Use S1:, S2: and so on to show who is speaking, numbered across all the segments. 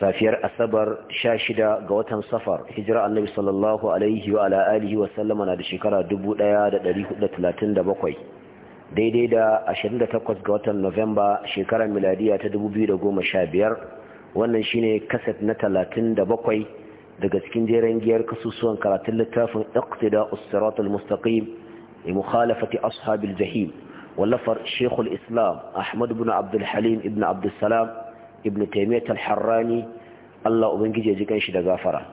S1: safiyar asabar sha shida ga watan safar hijira annabi sallallahu alaihi wa ala alihi wa sallama na da shekara 1437 daidai da 28 ga watan novemba shekarar miladiya ta 2015 wannan shine kaset na 37 daga cikin jeren giyar kasusuwan karatun littafin iqtida as mustaqim li mukhalafati ashabil jahim wallafar shekul islam ahmad ibn abdul halim ibn abdul salam ibn taymiyyah al-harrani Allah ubangiji ya ji kanshi da gafara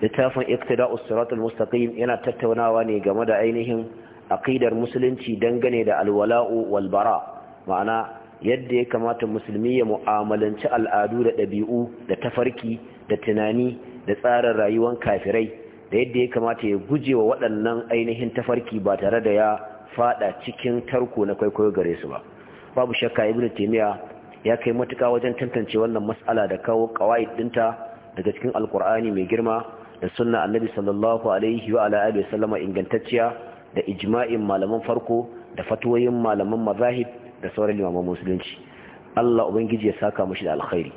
S1: littafin iktida'u siratal mustaqim yana tattaunawa ne game da ainihin aqidar musulunci dangane da alwala'u wal bara ma'ana yadda ya kamata musulmi ya mu'amalanci al'adu da ɗabi'u da tafarki da tunani da tsarin rayuwar kafirai da yadda ya kamata ya guje wa waɗannan ainihin tafarki ba tare da ya fada cikin tarko na kwaikwayo gare su ba babu shakka ibn taymiya ya kai matuƙa wajen tantance wannan mas'ala da kawo ƙawaid dinta daga cikin Alƙur'ani mai girma da sunna annabi sallallahu alaihi wa ala alihi sallama ingantacciya da ijma'in malaman farko da fatuwoyin malaman mazahib da sauran limaman musulunci Allah ubangiji ya saka mushi da alkhairi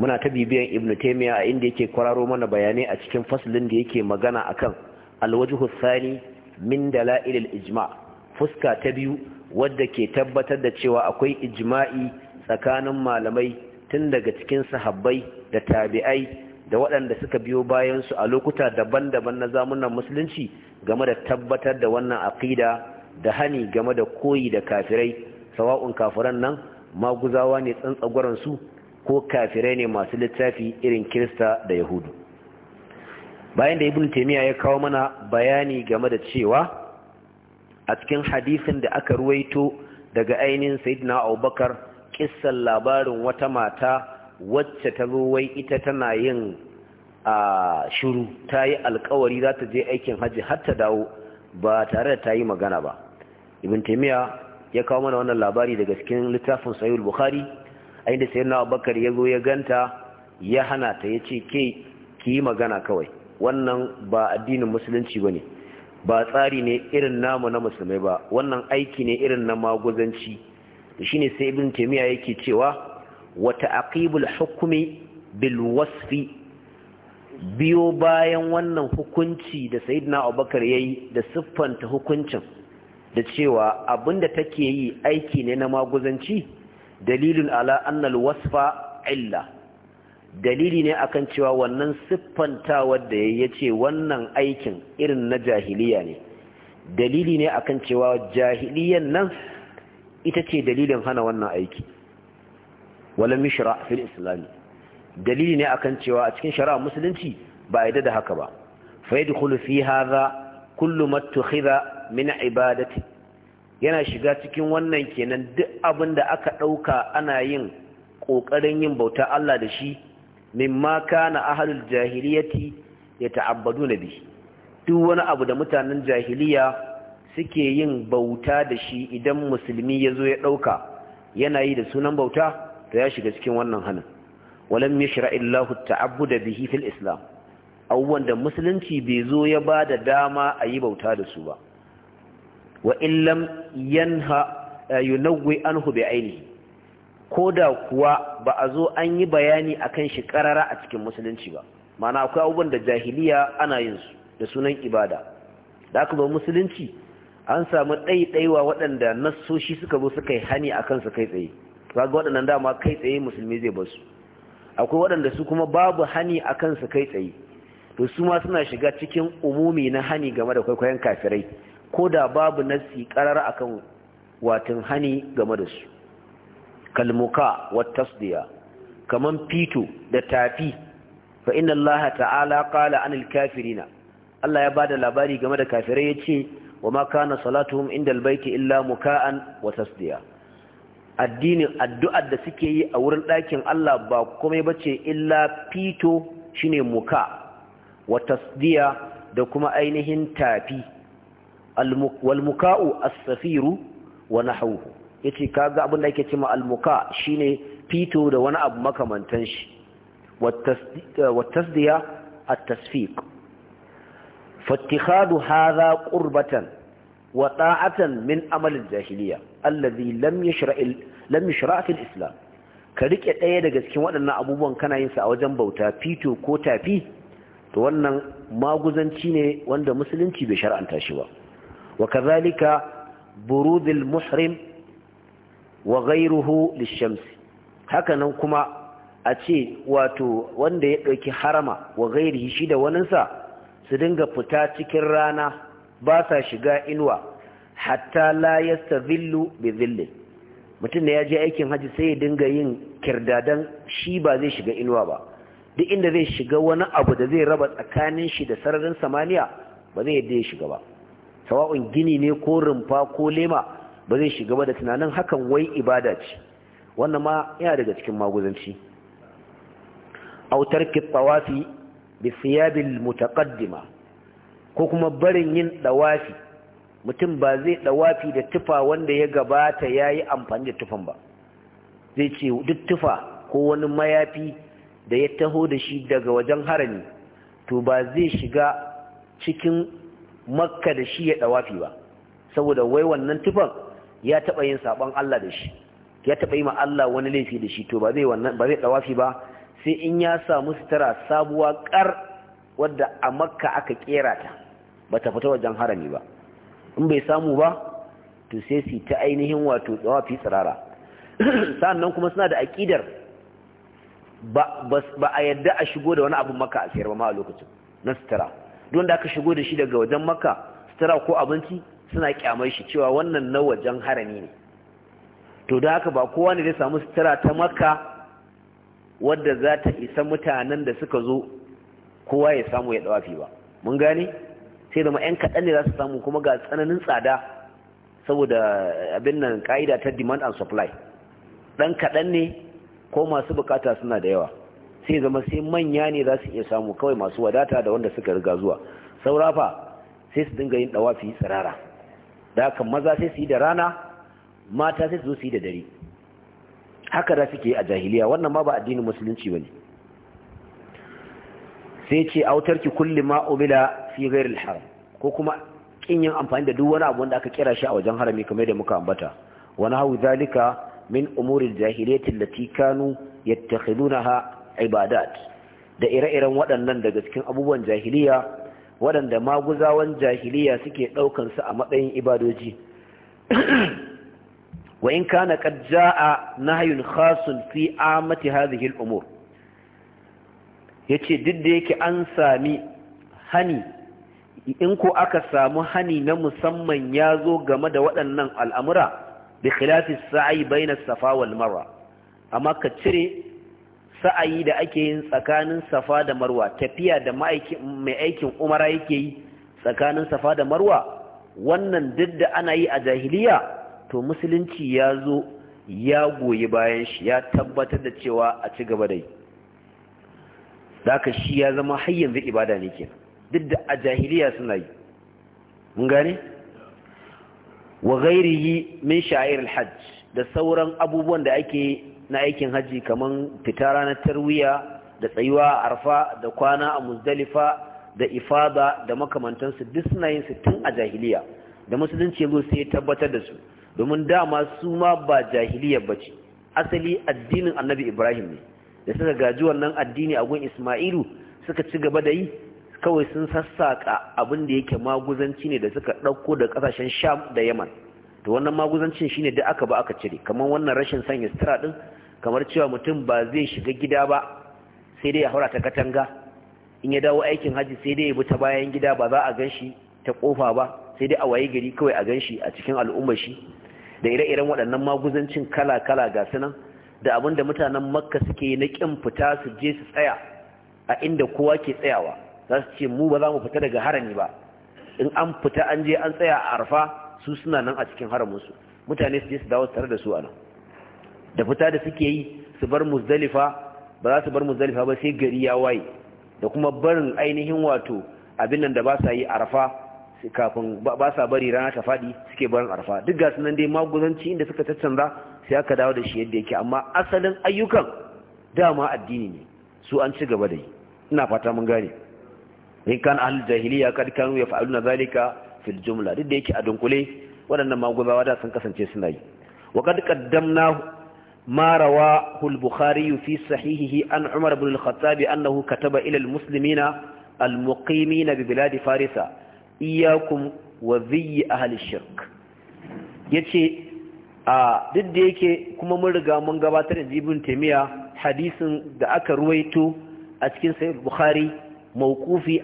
S1: muna ta bibiyan ibn taymiya a inda yake kwararo mana bayanai a cikin fasalin da yake magana akan alwajhu thani min dalail al-ijma' fuska ta biyu wadda ke tabbatar da cewa akwai ijima'i. tsakanin malamai tun daga cikin sahabbai da tabi'ai da waɗanda suka biyo bayansu a lokuta daban-daban na zamunan musulunci game da tabbatar da wannan aƙida da hani game da koyi da kafirai sawa'un kafiran nan maguzawa ne su ko kafirai ne masu littafi irin kirista da yahudu bayan da ibn taimiyya ya kawo mana bayani game da cewa a cikin hadisin da aka ruwaito daga ainihin sayyidina abubakar ƙissan labarin wata mata wacce ta zo wai ita tana yin a shuru ta yi alkawari za ta je aikin hajji har ta dawo ba tare da ta yi magana ba ibn taimiyya ya kawo mana wannan labari daga cikin littafin sayul bukhari a inda sayar na ya zo ya ganta ya hana ta ya ce ke ki yi magana kawai wannan ba addinin musulunci ba ne ba tsari ne irin namu na musulmai ba wannan aiki ne irin na maguzanci ne sai ibn taimiyya yake cewa wata aqibul hukumi bil wasfi biyo bayan wannan hukunci da sayyidina abubakar yi da siffanta hukuncin da cewa abinda take yi aiki ne na maguzanci dalilin ala annal wasfa illa dalili ne akan cewa wannan siffanta da ya ce wannan aikin irin na jahiliya ne dalili ne akan cewa jahiliyan nan ita ce dalilin hana wannan aiki wala mishra fil islami dalili ne akan cewa a cikin shari'a musulunci ba a yadda da haka ba fa yadkhulu fi hadha kullu ma tukhidha min ibadati yana shiga cikin wannan kenan duk abin da aka dauka ana yin kokarin yin bauta Allah da shi mimma kana ahlul jahiliyati yata'abbaduna bi duk wani abu da mutanen jahiliya suke yin bauta da shi idan musulmi ya zo ya ɗauka yana yi da sunan bauta to ya shiga cikin wannan hannun walam mishra illahu ta'abu da bihi islam abubuwan da musulunci bai zo ya ba da dama a yi bauta da su ba wa illam yanha eh, anhu bi ainihi ko da kuwa ba a zo an yi bayani a kan shi karara a cikin musulunci ba Ma'ana akwai abubuwan da jahiliya ana yin su da sunan ibada da aka ba musulunci an samu ɗaiɗaiwa waɗanda nassoshi suka zo suka yi hani a kansu kai tsaye ga waɗannan dama kai tsaye musulmi zai basu akwai waɗanda su kuma babu hani a kansu kai tsaye to su ma suna shiga cikin umumi na hani game da kwaikwayon kafirai ko da babu nassi karar akan watan hani game da su kalmuka wa tasdiya kaman fito da tafi fa inna Allah ta'ala qala anil kafirina Allah ya ba da labari game da kafirai ya ce. وما كان صلاتهم عند البيت إلا مكاء وتسديا addinin addu'ar da suke yi a wurin ɗakin Allah ba komai bace illa fito shine muka wa tasdiya da kuma ainihin tafi walmuka'u as-safiru wa nahawuhu yace kaga abin da yake cewa almuka shine fito da wani abu makamantan shi wa tasdiya at-tasfiq فاتخاذ هذا قربة وطاعة من عمل الجاهلية الذي لم يشرع لم يشرع في الإسلام كريك ɗaya daga cikin waɗannan abubuwan kana yin sa a wajen bauta fito ko tafi to wannan maguzanci ne wanda musulunci bai shar'anta shi ba wa kazalika burudul muhrim wa ghayruhu lish-shams haka nan kuma a ce wato wanda ya ɗauki harama wa ghairihi shi da waninsa su dinga fita cikin rana ba sa shiga inuwa hatta la yastazillu bi zillin mutum da ya je aikin haji sai ya dinga yin kirdadan shi ba zai shiga inuwa ba duk inda zai shiga wani abu da zai raba tsakanin shi da sararin samaniya ba zai yadda ya shiga ba sawa'un gini ne ko rumfa ko lema ba zai shiga ba da tunanin hakan wai ibada ce wannan ma yana daga cikin maguzanci autar kitsawafi bisiyabil mutaqaddima ko kuma barin yin dawafi mutum ba zai dawafi da tufa wanda ya gabata yayi amfani da tufan ba zai ce duk tufa ko wani mayafi da ya taho da shi daga wajen harami to ba zai shiga cikin makka da shi ya dawafi ba saboda wai wannan tufan ya taba yin sabon Allah da shi ya taba yi ma Allah wani laifi da shi to ba zai wannan ba zai dawafi ba sai in ya samu sutura sabuwa kar wadda a makka aka kera ta ba ta fita wajen harami ba in bai samu ba to sai su ta ainihin wato tsawafi tsirara sannan kuma suna da aƙidar ba a yadda a shigo da wani abin maka a siyar ba ma a lokacin na sutura don da aka shigo da shi daga wajen maka sutura ko abinci suna kyamar shi cewa wannan na wajen harami ne to da haka ba kowa ne zai samu sutura ta makka wadda za ta isa mutanen da suka zo kowa ya samu ya dawafi ba mun gane sai da ma'yan kaɗan ne za su samu kuma ga tsananin tsada saboda abin nan ka'ida ta demand and supply ɗan kaɗan ne ko masu bukata suna da yawa sai zama sai manya ne za su iya samu kawai masu wadata da wanda suka riga zuwa saurafa sai su dinga yin dawafi tsirara da haka maza sai su yi da rana mata sai su zo su yi da dare haka da suke a jahiliya wannan ma ba addinin musulunci bane sai ce autarki kulli ma umila fi al haram ko kuma kin yin amfani da duk wani abu wanda aka kira shi a wajen harami kamar da muka ambata wani hau zalika min umuril jahiliyyati allati kanu yattakhidunaha ibadat da ire-iren waɗannan daga cikin abubuwan jahiliya waɗanda maguzawan jahiliya suke ɗaukansu a matsayin ibadoji wa in kana qad jaa nahyun khasun fi amati hadhihi al-umur yace duk da yake an sami hani in ko aka samu hani na musamman ya zo game da waɗannan al'amura bi khilafi sa'ayi bainas safa wal marwa amma ka cire sa'ayi da ake yin tsakanin safa da marwa tafiya da mai aikin umara yake yi tsakanin safa da marwa wannan duk da ana yi a jahiliya to musulunci ya zo ya goyi bayan shi ya tabbatar da cewa a ci gaba da yi ka shi ya zama har yanzu ibada ne kenan duk da a jahiliya suna yi mun gane wa ghairihi min sha'ir al da sauran abubuwan da ake na aikin haji kaman fita ranar tarwiya da tsayuwa a arfa da kwana a muzdalifa da ifada da makamantansu duk suna yin su tun a jahiliya da musulunci ya zo sai ya tabbatar da su domin dama su ma ba jahiliya ce asali addinin annabi ibrahim ne da suka gaji wannan addini a gun isma'ilu suka ci gaba da yi kawai sun sassaƙa abin da yake maguzanci ne da suka ɗauko da ƙasashen sham da yaman to wannan maguzancin shine da aka ba aka cire kamar wannan rashin sanya sutura din kamar cewa mutum ba zai shiga gida ba sai dai ya haura ta katanga in ya dawo aikin hajji sai dai ya bi ta bayan gida ba za a gan shi ta kofa ba sai dai a waye gari kawai a gan shi a cikin al'ummar shi da ire-iren waɗannan maguzancin kala-kala ga sunan da abin da mutanen makka suke na ƙin fita su je su tsaya a inda kowa ke tsayawa za su ce mu ba za mu fita daga harami ba in an fita an je an tsaya a arfa su suna nan a cikin haraminsu mutane su je su dawo tare da su a nan da fita da suke yi su bar muzdalifa ba za su bar muzdalifa ba sai gari ya waye da kuma barin ainihin wato abin nan da ba sa yi arfa kafin ba sa bari rana ta faɗi suke barin arfa duk gasu nan dai maguzanci inda suka tattanza sai aka dawo da shi yadda yake amma asalin ayyukan dama addini ne su an ci gaba da yi ina fata mun gane in kan ahli jahiliya kad ya yaf'aluna zalika fil jumla duk da yake a dunkule waɗannan maguzawa da sun kasance suna yi wa kad qaddamna sahihihi an umar ibn al khattab annahu kataba ila al-muslimina al المسلمين bi bilad farisa iyakum wa ziyyi ahli shirk ce, a duk da yake kuma mun riga mun gabatar da jibin taymiya hadisin da aka ruwaito a cikin sahih bukhari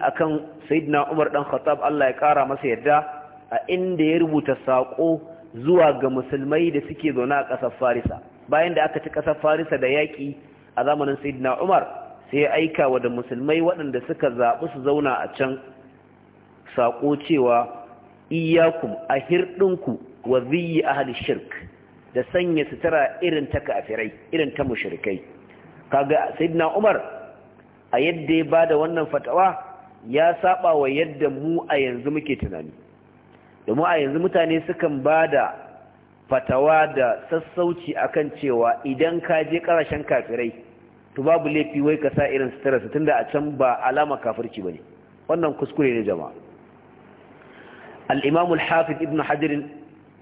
S1: a akan sayyidina umar dan khattab Allah ya kara masa yadda a inda ya rubuta saƙo zuwa ga musulmai da suke zaune a ƙasar farisa bayan da aka ci ƙasar farisa da yaƙi a zamanin sayyidina umar sai ya aika wa da musulmai waɗanda suka zaɓi su zauna a can saƙo cewa iyakum a hirɗinku wa ziyi ahli shirk da sanya sutura irin ta kafirai irin ta mushrikai kaga sayyidina Umar a yadda ya bada wannan fatawa ya saba wa yadda mu a yanzu muke tunani domin a yanzu mutane sukan bada fatawa da sassauci akan cewa idan ka je ƙarashen kafirai to babu laifi wai ka sa irin sutura tunda a can ba alama kafirci bane wannan kuskure ne jama'a al-imam al-hafiz ibn hajjirin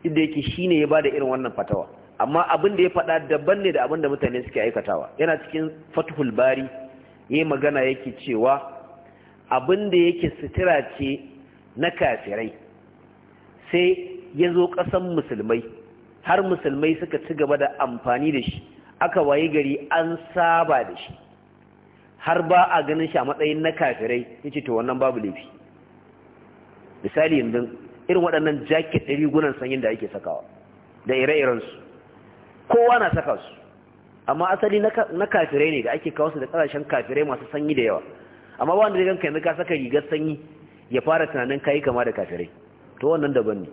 S1: inda yake shi ne ya ba da irin wannan fatawa amma abin da ya faɗa daban ne da abin da mutane suke aikatawa yana cikin fathul bari ya magana yake cewa abin da yake sitira ce na kafirai sai ya zo ƙasan musulmai har musulmai suka ci gaba da amfani da shi aka waye gari an saba da shi har ba a ganin shi a matsayin na kafirai ya ce to wannan babu laifi misali yanzu irin waɗannan jacket ɗari rigunan sanyin da ake sakawa da ire-irensu kowa na saka su amma asali na kafire ne da ake kawo su da ƙasashen kafire masu sanyi da yawa amma ba wanda zai ganka yanzu ka saka rigar sanyi ya fara tunanin kayi kama da kafire. to wannan daban ne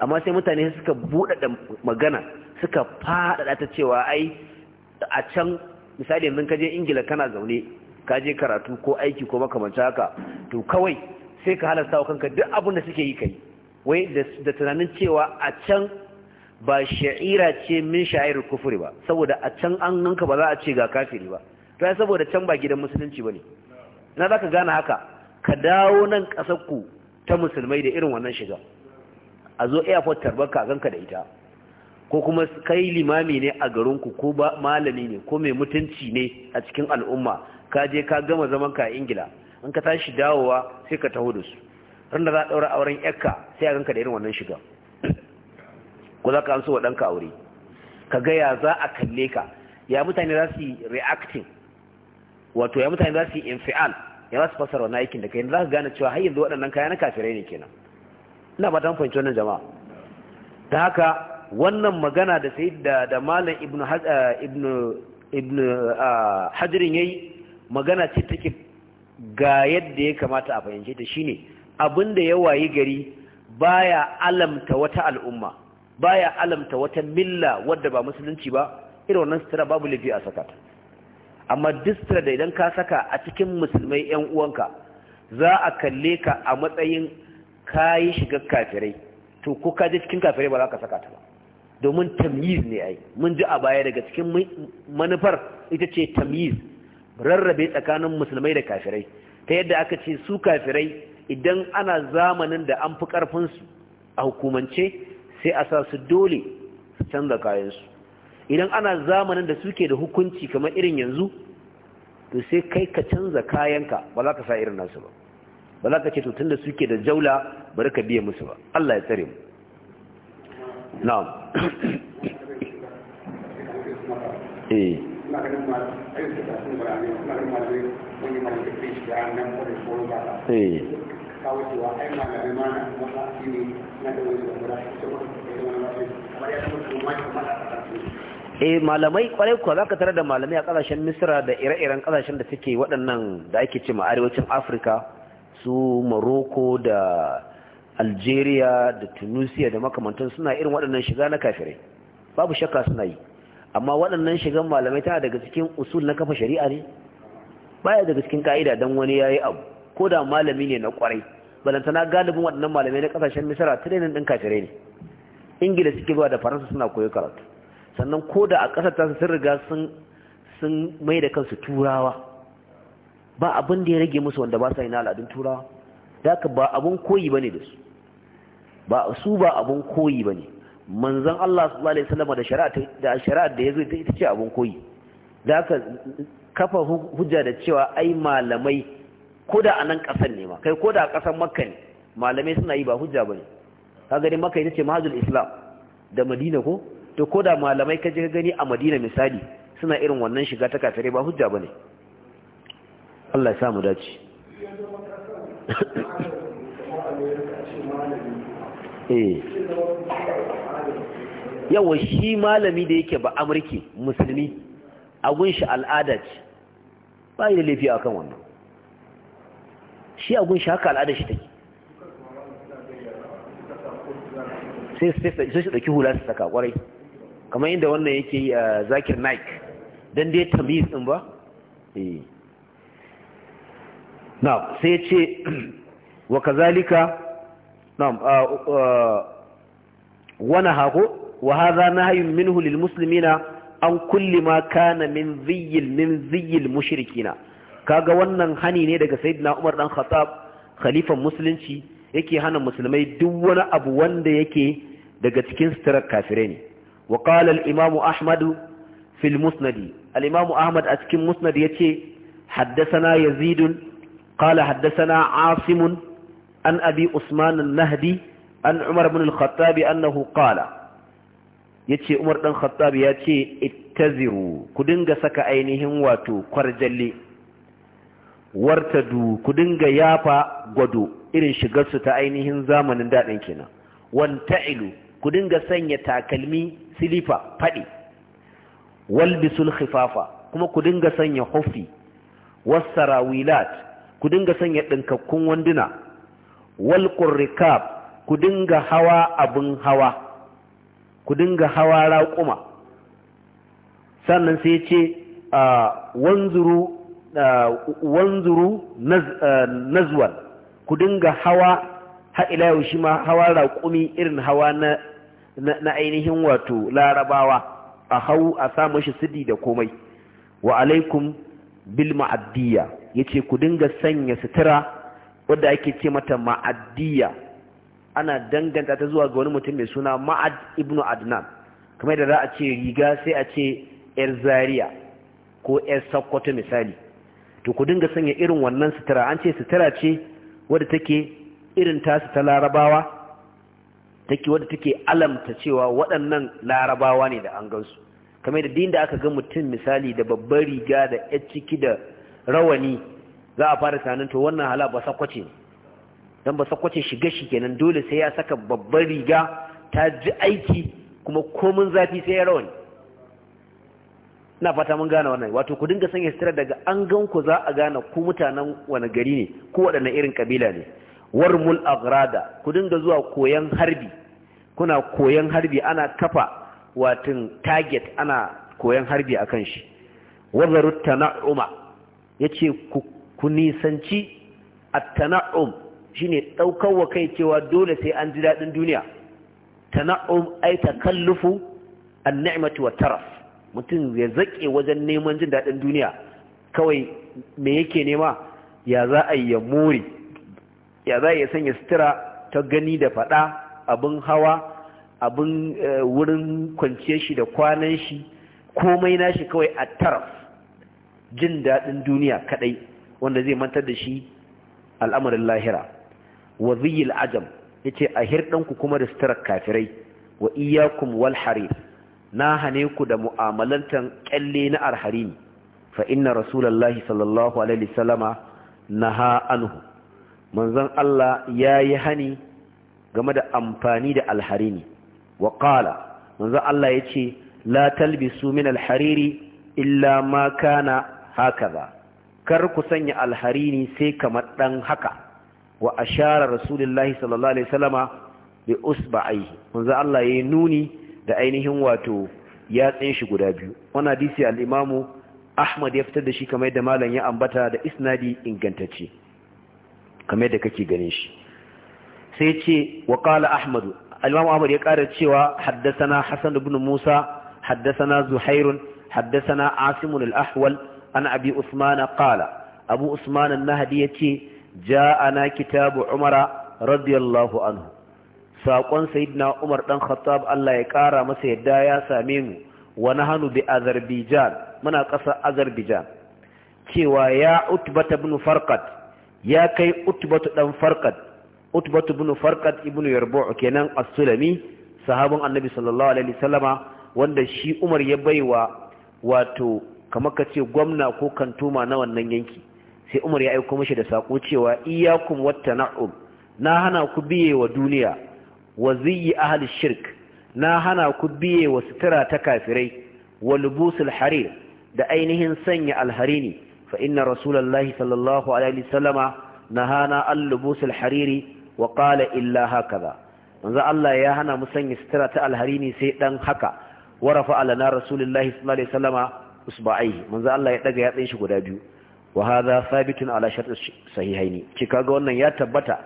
S1: amma sai mutane suka buɗaɗa magana suka faɗaɗa ta cewa ai a can misali yanzu ka je ingila kana zaune ka je karatu ko aiki ko makamancin haka to kawai sai ka halasta wa kanka duk abin da suke yi kai wai da tunanin cewa a can ba sha'ira ce min sha'irar kufuri ba saboda a can an nanka ba za a ce ga kafiri ba to ya saboda can ba gidan musulunci ba ne na zaka ka gane haka ka dawo nan kasarku ta musulmai da irin wannan shiga a zo airport tarbarka a ganka da ita ko kuma kai limami ne a garinku ko malami ne ko mai mutunci ne a cikin al'umma ka je ka gama zaman ka a ingila in ka tashi dawowa sai ka taho da su ran da za a daura auren yakka sai a ganka da irin wannan shiga ko za ka so wa ɗanka aure ka ga ya za a kalle ka ya mutane za su yi reacting wato ya mutane za su yi infial ya za su fasara wannan aikin da kai za ka gane cewa har yanzu waɗannan kaya na kafirai ne kenan ina ba tan fahimci wannan jama'a ta haka wannan magana da sai da da malam ibnu eh, ibnu ibnu ah, hajirin yayi magana ce take ga yadda ya kamata a fahimce ta shine abin da ya wayi gari baya alamta wata al'umma baya alamta wata milla wadda ba musulunci ba irin wannan sutura babu lafi a saka ta. amma duk da idan ka saka a cikin musulmai yan uwanka za a kalle ka a matsayin kayi shiga kafirai to ko ka je cikin kafirai ba za ka saka ta ba domin tamyiz ne ai mun ji a baya daga cikin manufar ita ce tamyiz rarrabe tsakanin musulmai da kafirai ta yadda aka ce su kafirai idan ana zamanin da an fi ƙarfinsu a hukumance sai a sa su dole su canza kayansu idan ana zamanin da suke da hukunci kamar irin yanzu to sai kai ka canza kayanka ba za ka sa irin nasu ba ba za ka ce tutun da suke da jaula bari ka biya musu ba Allah ya tsare mu na'am eh E, malamai malamai eh malamai kwarai kuwa zaka tare da malamai a kasashen misra da ire-iren kasashen da suke waɗannan da ake ce ma arewacin afirka su morocco da algeria da tunisia da makamantan suna irin waɗannan shiga na kafirai babu shakka suna yi amma waɗannan shigan malamai tana daga cikin usul na kafa shari'a ne baya daga cikin ka'ida don wani yayi abu ko da malami ne na kwarai balantana galibin waɗannan malamai na ƙasashen misira tirenin ɗin kashirai ne ingila suke zuwa da faransa suna koyo karatu sannan ko da a ƙasar ta sun riga sun mai da kansu turawa ba abin da ya rage musu wanda ba sa yi na al'adun turawa da ba abin koyi ba ne da su ba su ba abin koyi ba ne manzon Allah sallallahu alaihi wasallam da shari'a da shari'a da yazo ita ce abun koyi da aka kafa hujja da cewa ai malamai ko da anan kasar ne ma kai ko da kasar makka ne malamai suna yi ba hujja bane ka gani makka ita ce mahajul islam da madina ko to ko da malamai ka je ka gani a madina misali suna irin wannan shiga ta kafare ba hujja bane Allah ya sa mu dace eh yawa shi malami da yake ba amurki musulmi agun shi al'ada ce ba yi da laifi a kan wannan shi agun shi haka al'ada shi take sai su ɗauki hula su saka kwarai kamar yadda wannan yake yi a zakir nike don dai tamiz ɗin ba eh. na sai ce wa kazalika na wana hako wa hadha nahyun minhu lil muslimina an kulli ma kana min ziyil min ziyil kaga wannan hani ne daga sayyidina Umar dan Khattab khalifan musulunci yake hana musulmai duk wani abu wanda yake daga cikin sitirar kafirai ne wa qala al imamu ahmadu musnadi al imamu ahmad a cikin musnad yace haddathana yazid qala haddathana asim an abi usman an-nahdi an umar ibn al-khattab annahu qala yace Umar ɗan Khattab ya ce ittaziru ku dinga saka ainihin wato kwarjalle wartadu ku dinga yafa gwado irin shigar su ta ainihin zamanin daɗin kenan wanta'ilu ku dinga sanya takalmi silifa fadi walbisul khifafa kuma ku dinga sanya hufi wasarawilat ku dinga sanya dinkakkun wanduna wal ku dinga hawa abun hawa ku dinga hawa raƙuma sannan sai ce wanzuru nazwal ku dinga hawa ila yau shi ma hawa raƙumi irin hawa na ainihin wato larabawa a hau a samun shi sidi da komai wa alaikum bil ma'addiya yace ku dinga sanya sutura wadda ake ce mata ma'addiya ana danganta ta zuwa ga wani mutum mai suna ma'ad Ibnu adnan kamar da za a ce riga sai a ce yar Zariya ko yar sakkwato misali to ku dinga sanya irin wannan sutura an ce sutura ce wadda take irin tasu ta larabawa take wadda take alamta cewa waɗannan larabawa ne da an gansu kamar da din da aka ga mutum misali da babbar riga da yar ciki da rawani za a fara tunanin to wannan hala ba sakkwace ne dan ba sakwace shiga shi kenan dole sai ya saka babbar riga ta ji aiki kuma komin zafi sai ya rawani ina fata mun gane wannan wato ku dinga sanya sutura daga an gan ku za a gane ku mutanen wani gari ne ko waɗanne irin kabila ne warmul agrada ku dinga zuwa koyan harbi kuna koyan harbi ana kafa watin target ana koyan harbi a kan shi wazaru tana'uma ya ce ku nisanci a tanaum shine daukar wa kai cewa dole sai an ji dadin duniya tana'um ta takallufu an-ni'matu wat-taraf mutum ya zake wajen neman jin dadin duniya kawai me yake nema ya za a yi ya more ya za ya sanya sutura ta gani da faɗa? abin hawa abin eh, wurin kwanciyar shi da kwanan shi komai nashi kawai a taraf jin daɗin duniya kaɗai wanda zai mantar da shi al'amarin lahira wa ziyil ajam yace a hirɗanku kuma da sitarar kafirai wa iyyakum wal harir na hane ku da mu'amalantan kyalle na arharimi fa inna rasulullahi sallallahu alaihi wasallama naha anhu manzon Allah yayi hani game da amfani da ne. wa ƙala manzon Allah yace la talbisu min alhariri illa ma kana hakaza kar ku sanya alharini sai kamar ɗan haka wa ashara rasulullahi sallallahu alaihi wasallama bi usba'ihi manzo Allah yayi nuni da ainihin wato ya tsin shi guda biyu wannan hadisi al Ahmad ya fitar da shi kamar yadda malam ya ambata da isnadi ingantacce kamar yadda kake ganin shi sai ce wa qala Ahmad al Ahmad ya ƙara cewa haddathana Hasan ibn Musa haddathana Zuhair haddathana Asim al-Ahwal an Abi Usman qala Abu Usmanan an-Nahdi yace ja'ana kitabu umara radiyallahu anhu saƙon sayidina umar ɗan khattab Allah ya ƙara masa yadda ya same mu wa nahanu bi azerbaijan muna ƙasa azerbaijan cewa ya utbata ibn farqat ya kai utbatu dan farqat utbatu ibn farqat ibn yarbu' kenan as-sulami sahabin annabi sallallahu alaihi wasallama wanda shi umar ya baiwa wato kamar kace gwamna ko kantuma na wannan yanki sai umar ya aiko mashi da sako cewa iyyakum wattana'um na hana ku biye wa duniya wa ziyyi ahli shirk na hana ku biye wa sutura ta kafirai wa lubusul harir da ainihin sanya alharini fa inna rasulullahi sallallahu alaihi wasallama nahana an lubusul hariri wa qala illa hakaza manzo Allah ya hana mu sanya sutura ta alharini sai dan haka warafa alana rasulullahi sallallahu alaihi wasallama usba'ai manzo Allah ya daga yatsin shi guda biyu wa hadha thabitun ala shart sahihaini ki kaga wannan ya tabbata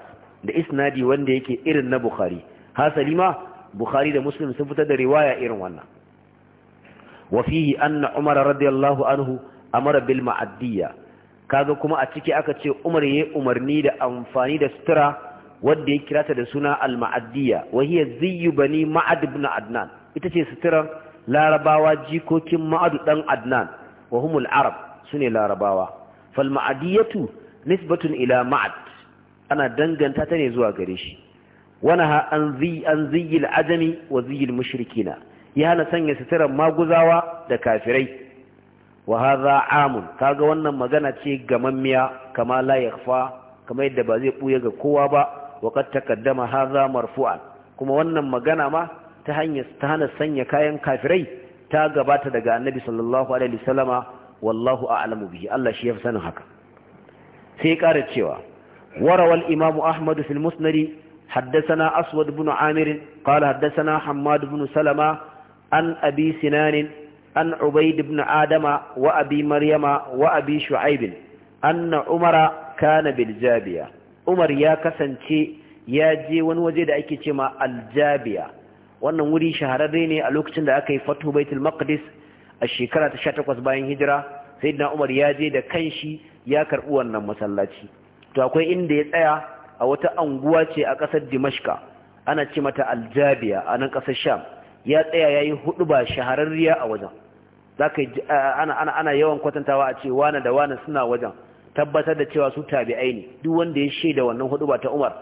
S1: da isnadi wanda yake irin na bukhari ha salima bukhari da muslim sun fitar da riwaya irin wannan wa fihi anna umar radiyallahu anhu amara bil ma'addiya kaga kuma a ciki aka ce umar yayi umarni da amfani da sutura wanda ya kirata da suna al ma'addiya wa hiya ziyyu bani ma'ad ibn adnan ita ce suturan larabawa jikokin ma'ad dan adnan wa humul arab sune larabawa Falma'adiyatu, nisbatun ila ma'ad ana danganta ta ne zuwa gare shi Wani an an ziyil ajami wa ziyil mushrikina ya hana sanya suturar maguzawa da kafirai wa hadha amun kaga wannan magana ce gamammiya kama la yakhfa kama yadda ba zai ɓuya ga kowa ba wa qad taqaddama hadha marfu'an kuma wannan magana ma ta hana sanya kayan kafirai ta gabata daga annabi sallallahu alaihi wasallama wallahu a'lamu bihi Allah shi yafi sanin haka sai ya ƙara cewa warawal imamu ahmad fil musnari haddasana aswad ibn amir qala hadasana hammad ibn salama an abi sinan an ubayd ibn adama wa abi maryama wa abi shu'aib anna umara kana bil jabiya umar ya kasance ya je wani waje da ake ce al jabiya wannan wuri shahararre ne a lokacin da aka yi fatu baitul maqdis a shekara ta sha takwas bayan hijira sai da Umar ya je da kanshi ya karɓi wannan masallaci to akwai inda ya tsaya a wata anguwa ce a ƙasar Dimashka ana ce mata Aljabiya a nan ƙasar Sham ya tsaya ya yayi ba shahararriya a wajen ana yawan kwatantawa a ce wana da wana suna wajen tabbatar da cewa su tabi'ai ne duk wanda ya shaida wannan ba ta Umar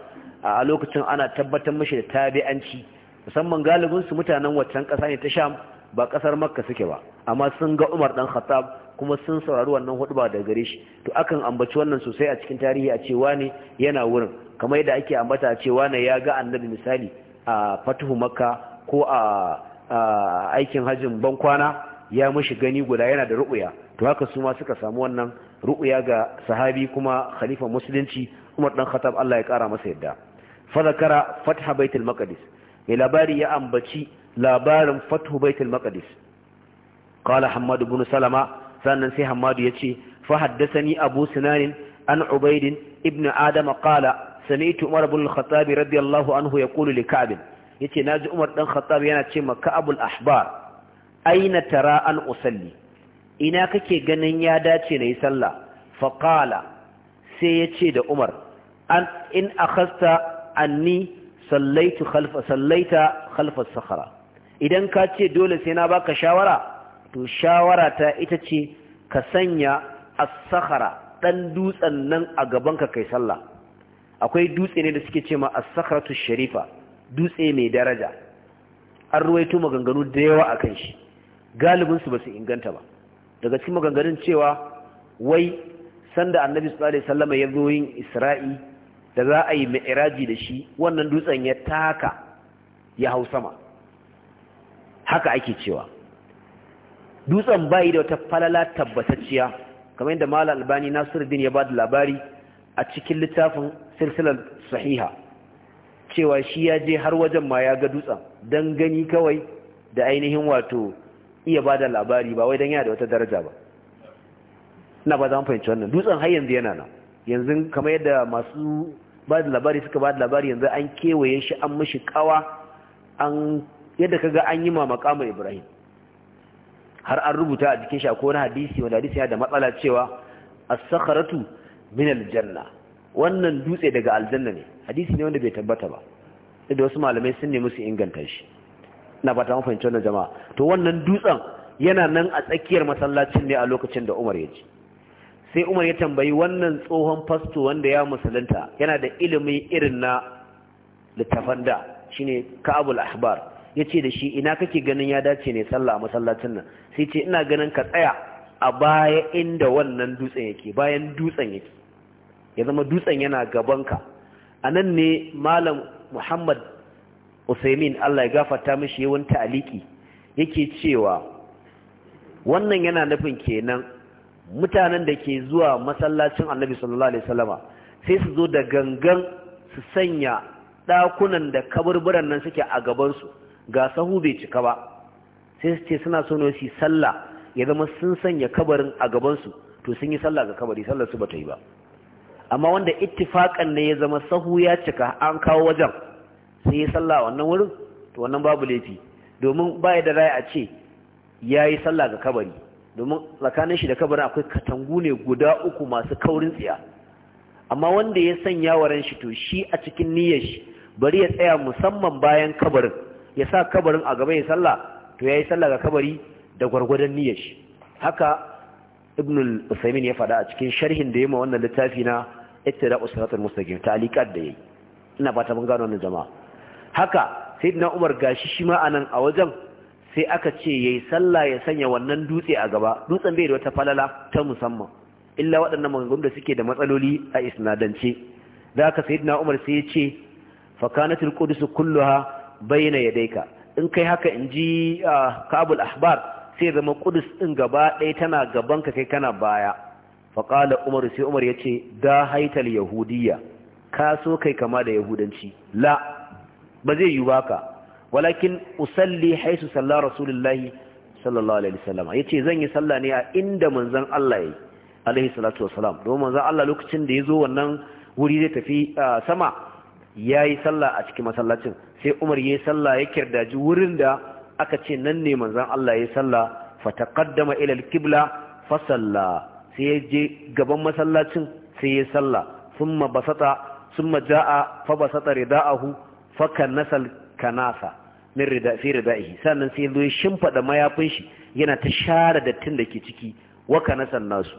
S1: a lokacin ana tabbatar mashi da tabi'anci musamman galibinsu mutanen waccan ƙasa ne ta Sham ba kasar makka suke ba amma sun ga umar dan khattab kuma sun saurari wannan hudu ba da gare shi to akan ambaci wannan sosai a cikin tarihi a cewa ne yana wurin kamar yadda ake ambata a cewa ne ya ga annabi misali a fatuhu makka ko a aikin hajjin bankwana ya mishi gani guda yana da ru'uya to haka su ma suka samu wannan ru'uya ga sahabi kuma khalifa musulunci Umar dan Khattab Allah ya kara masa yadda fa zakara fatha baitul maqdis mai labari ya ambaci labarin fathu baitul maqdis qala hammad ibn salama sannan sai hammad yace fa haddathani abu sinan an ubayd ibn adam qala sami'tu umar ibn al-khattab radiyallahu anhu yaqulu li ka'b yace naji umar dan khattab yana ce ma ka'abul ahbar aina tara an usalli ina kake ganin ya dace nayi sallah fa qala sai yace da umar an in akhasta anni sallaitu khalfa sallaita khalfa sakhara idan ka ce dole sai na baka shawara to shawara ta ita ce ka sanya as-sakhara dan dutsen nan a gaban ka kai sallah akwai dutse ne da suke ce ma as-sakhratu sharifa dutse mai daraja an ruwaito maganganu da yawa akan shi galibin su basu inganta ba daga cikin maganganun cewa wai sanda annabi sallallahu alaihi wasallam ya zo yin isra'i da za a yi mi'raji da shi wannan dutsen ya taka ya hau sama haka ake cewa dutsen bayi da wata falala tabbatacciya kamar yadda mala albani nasiruddin ya ba da labari a cikin littafin silsilar sahiha cewa shi ya je har wajen ma ya ga dutsen don gani kawai da ainihin wato iya ba da labari ba wai don yana da wata daraja ba na ba za mu fahimci wannan dutsen har yanzu yana nan yanzu kamar yadda masu ba da labari suka ba da labari yanzu an kewaye shi an mashi kawa an yadda kaga an yi ma makamu Ibrahim har an rubuta a cikin shi ko na hadisi wanda hadisi ya da matsala cewa as-sakharatu min al-janna wannan dutse daga aljanna ne hadisi ne wanda bai tabbata ba da wasu malamai sun nemi su inganta shi na fata mun fahimci wannan jama'a to wannan dutsen yana nan a tsakiyar masallacin ne a lokacin da Umar ya ji sai Umar ya tambayi wannan tsohon fasto wanda ya musulunta yana da ilimi irin na littafan da shine Ka'abul Ahbar ya ce da shi ina kake ganin ya dace ne sallah a masallacin nan sai ce ina ganin ka tsaya a baya inda wannan dutsen yake bayan dutsen yake ya zama dutsen yana gabanka a nan ne malam muhammad usaimin allah ya gafata mashi yawan ta'aliki yake cewa wannan yana nufin kenan mutanen da ke zuwa masallacin annabi sallallahu alaihi wasallama sai su zo da gangan su sanya ɗakunan da kaburburan nan suke a gabansu ga sahu bai cika ba sai su ce suna so su yi sallah ya zama sun sanya kabarin a gabansu to sun yi sallah ga kabari sallar su bata yi ba amma wanda ittifakan ne ya zama sahu ya cika an kawo wajen sai yi sallah wannan wurin to wannan babu laifi domin ya da raya a ce ya yi sallah ga kabari domin tsakanin shi da kabarin akwai katangu ne guda uku masu kaurin tsiya amma wanda ya sanya wa ran shi to shi a cikin niyyar shi bari ya tsaya musamman bayan kabarin ya sa kabarin a gaba ya salla, to ya yi salla ga kabari da gwargwadon niyyar shi haka ibn al ya faɗa a cikin sharhin da ma wannan littafi na ittira usratul mustaqim ta'liqat da yayi ina fata mun gano wannan jama'a haka sayyidina umar gashi shi ma anan a wajen sai aka ce yayi salla ya sanya wannan dutse a gaba dutsen bai da wata falala ta musamman illa waɗannan magungun da suke da matsaloli a isnadance da aka sayyidina umar sai ya ce fakanatul qudus kulluha bayyana ya daika in kai haka in ji kabul ahbar sai zama kudus din gaba ɗaya tana gaban ka kai kana baya faƙala umar sai umar ya ce da haital yahudiya ka so kai kama da yahudanci la ba zai yi ka? walakin usalli haisu sallah rasulullahi sallallahu alaihi wasallam yace zan yi sallah ne a inda manzan Allah yayi alaihi salatu wasalam domin manzon Allah lokacin da ya zo wannan wuri zai tafi sama yayi sallah a cikin masallacin sai Umar ya yi salla ya kirdaji wurin da aka ce nan ne manzon Allah ya sallah salla fata kaddama ilal fa fasalla sai ya je gaban masallacin sai ya salla ma basata ma jaa fa basata ridaahu fa kanasal kanasa min rida fi ridaihi sannan sai zo ya mayafin shi yana ta share dattin da ke ciki wa ka nasal nasu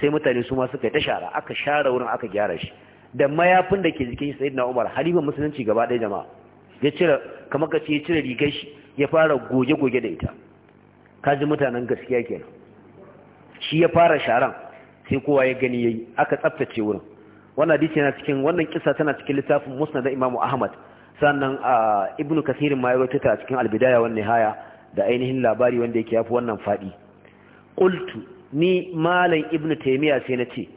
S1: sai mutane su ma suka ta shara aka share wurin aka gyara shi da mayafin da ke jikin sayyidina Umar halifa musulunci gaba ɗaya jama'a ya cire kamar ka ce ya cire rigar shi ya fara goge-goge da ita ka ji mutanen gaskiya kenan shi ya fara sharan sai kowa ya gani yayi aka tsaftace wurin wannan hadisi yana cikin wannan kissa tana cikin littafin musnad Imam ahmad sannan ibnu Kathir ma ya rawaita ta cikin albidaya wan nihaya da ainihin labari wanda yake yafi wannan fadi qultu ni malam ibnu Taymiyyah sai nace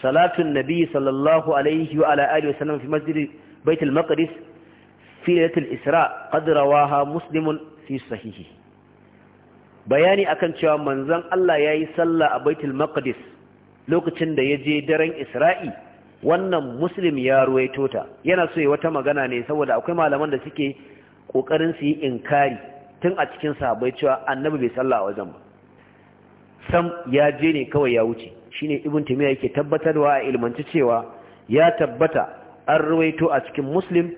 S1: ce. nabi sallallahu alaihi wa ala alihi wa sallam fi masjid baitul maqdis في ليلة الإسراء قد رواها مسلم في صحيحه bayani akan cewa manzon Allah yayi sallah a Baitul Maqdis lokacin da yaje daren Isra'i wannan muslim ya ruwaito ta yana so ya wata magana ne saboda akwai malaman da suke kokarin su yi inkari tun a cikin sahabbai cewa annabi bai sallah a wajen ba sam ya je ne kawai ya wuce shine ibn timiya yake tabbatarwa a ilmanci cewa ya tabbata an ruwaito a cikin muslim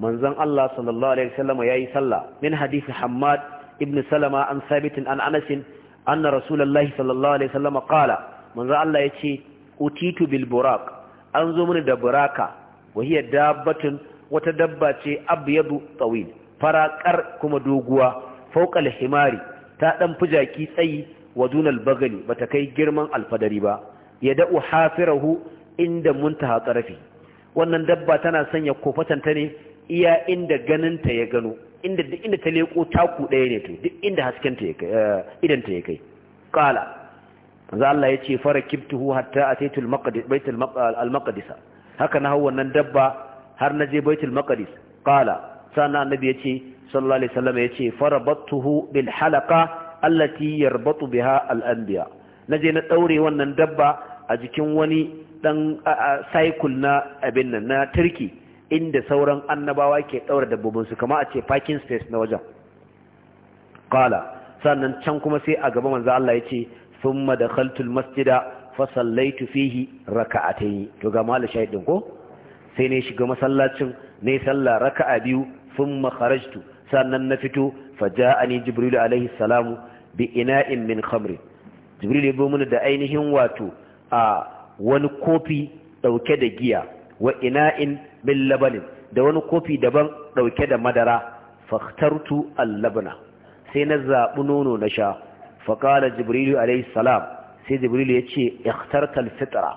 S1: manzon Allah sallallahu alaihi wasallam yayi sallah min hadisi Hammad ibn Salama an sabitin an Anas anna Rasulullahi sallallahu alaihi wasallam qala manzon Allah yace utitu bil buraq an zo mini da buraka wa hiya dabbatun wata dabba ce abyadu tawil farakar kuma doguwa Fawqal himari ta dan fujaki tsayi wa dunal bagali bata kai girman alfadari ba ya da'u hafirahu inda muntaha tsarafi wannan dabba tana sanya kofatanta ne iya inda ganinta ya gano inda duk inda ta leko taku ɗaya ne to duk inda haskenta ya kai eh, idan ta ya kai qala manzo Allah fara farakibtuhu hatta ataitul maqdis baitul maqdis haka na hau wannan dabba har na je baitul maqdis qala sana annabi yace sallallahu alaihi wasallam yace farabattuhu bil halaqa allati yarbatu biha al anbiya je na daure wannan dabba a jikin wani dan cycle na abin nan na turki inda sauran annabawa ke ɗaura dabbobinsu kama a ce parking space na wajen qala sannan can kuma sai a gaba manzo Allah yace thumma dakhaltu almasjida fa sallaitu fihi yi. to ga mal shahidin ko sai ne shiga masallacin ne sallah raka'a biyu thumma kharajtu sannan na fito fa ja'ani jibril alaihi salamu bi ina'in min khamri? jibril ya mana da ainihin wato a wani kofi ɗauke da giya wa ina'in min labanin da wani kofi daban dauke da madara fakhtartu al-labna sai na zabi nono na sha faqala jibrilu alayhi salam sai jibrilu ya ce ikhtartal fitra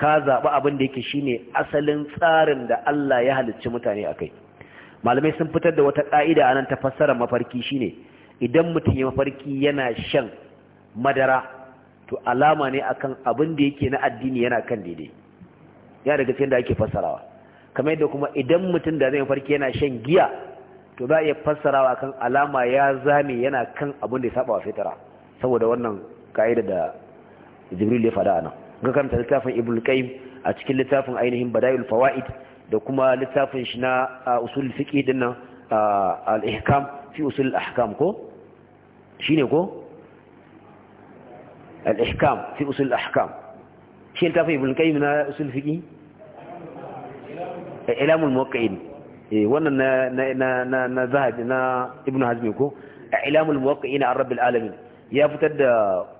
S1: ka zaɓi abin da yake shine asalin tsarin da Allah ya halicci mutane kai malamai sun fitar da wata ka'ida anan ta fassara mafarki shine idan mutum ya mafarki yana shan madara to alama ne akan abin da yake na addini yana kan daidai ya daga cikin da ake fassarawa kamar yadda kuma idan mutum da zai farki yana shan giya to za a iya fassarawa kan alama ya zame yana kan abin da ya saba wa fitara saboda wannan ka'ida da jibril ya faɗa nan. ga karanta littafin ibn qayyim a cikin littafin ainihin bada'il fawaid da kuma littafin shi na usul fiqh din nan al-ihkam fi usul al-ahkam ko shine ko al-ihkam fi usul al-ahkam shi littafin ibn qayyim na usul fiqh ilamul muwaqqi'in eh wannan na na na na zahabi na ibnu hazmi ko ilamul muwaqqi'in an rabbil alamin ya fitar da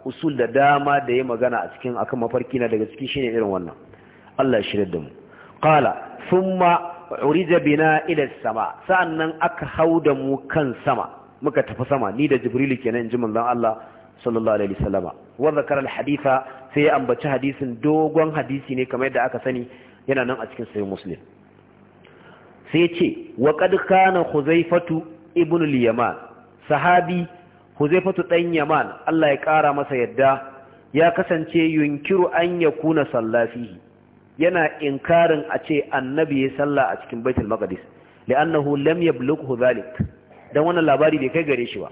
S1: usul da dama da ya magana a cikin akan mafarki na daga ciki shine irin wannan Allah ya shirye da mu qala thumma urija bina ila sama sa'annan aka hauda mu kan sama muka tafi sama ni da jibrilu kenan inji manzon Allah sallallahu alaihi wasallama wa zakara alhaditha sai ambaci hadisin dogon hadisi ne kamar yadda aka sani yana nan a cikin sahih muslim sai ce wa kad kana huzaifatu ibn yaman sahabi huzaifatu ɗan yaman Allah ya kara masa yadda ya kasance yunkiru an yakuna sallafihi yana inkarin a ce annabi ya salla a cikin baitul maqdis li'annahu lam yablughu Zalik, dan wannan labari bai kai gare shi ba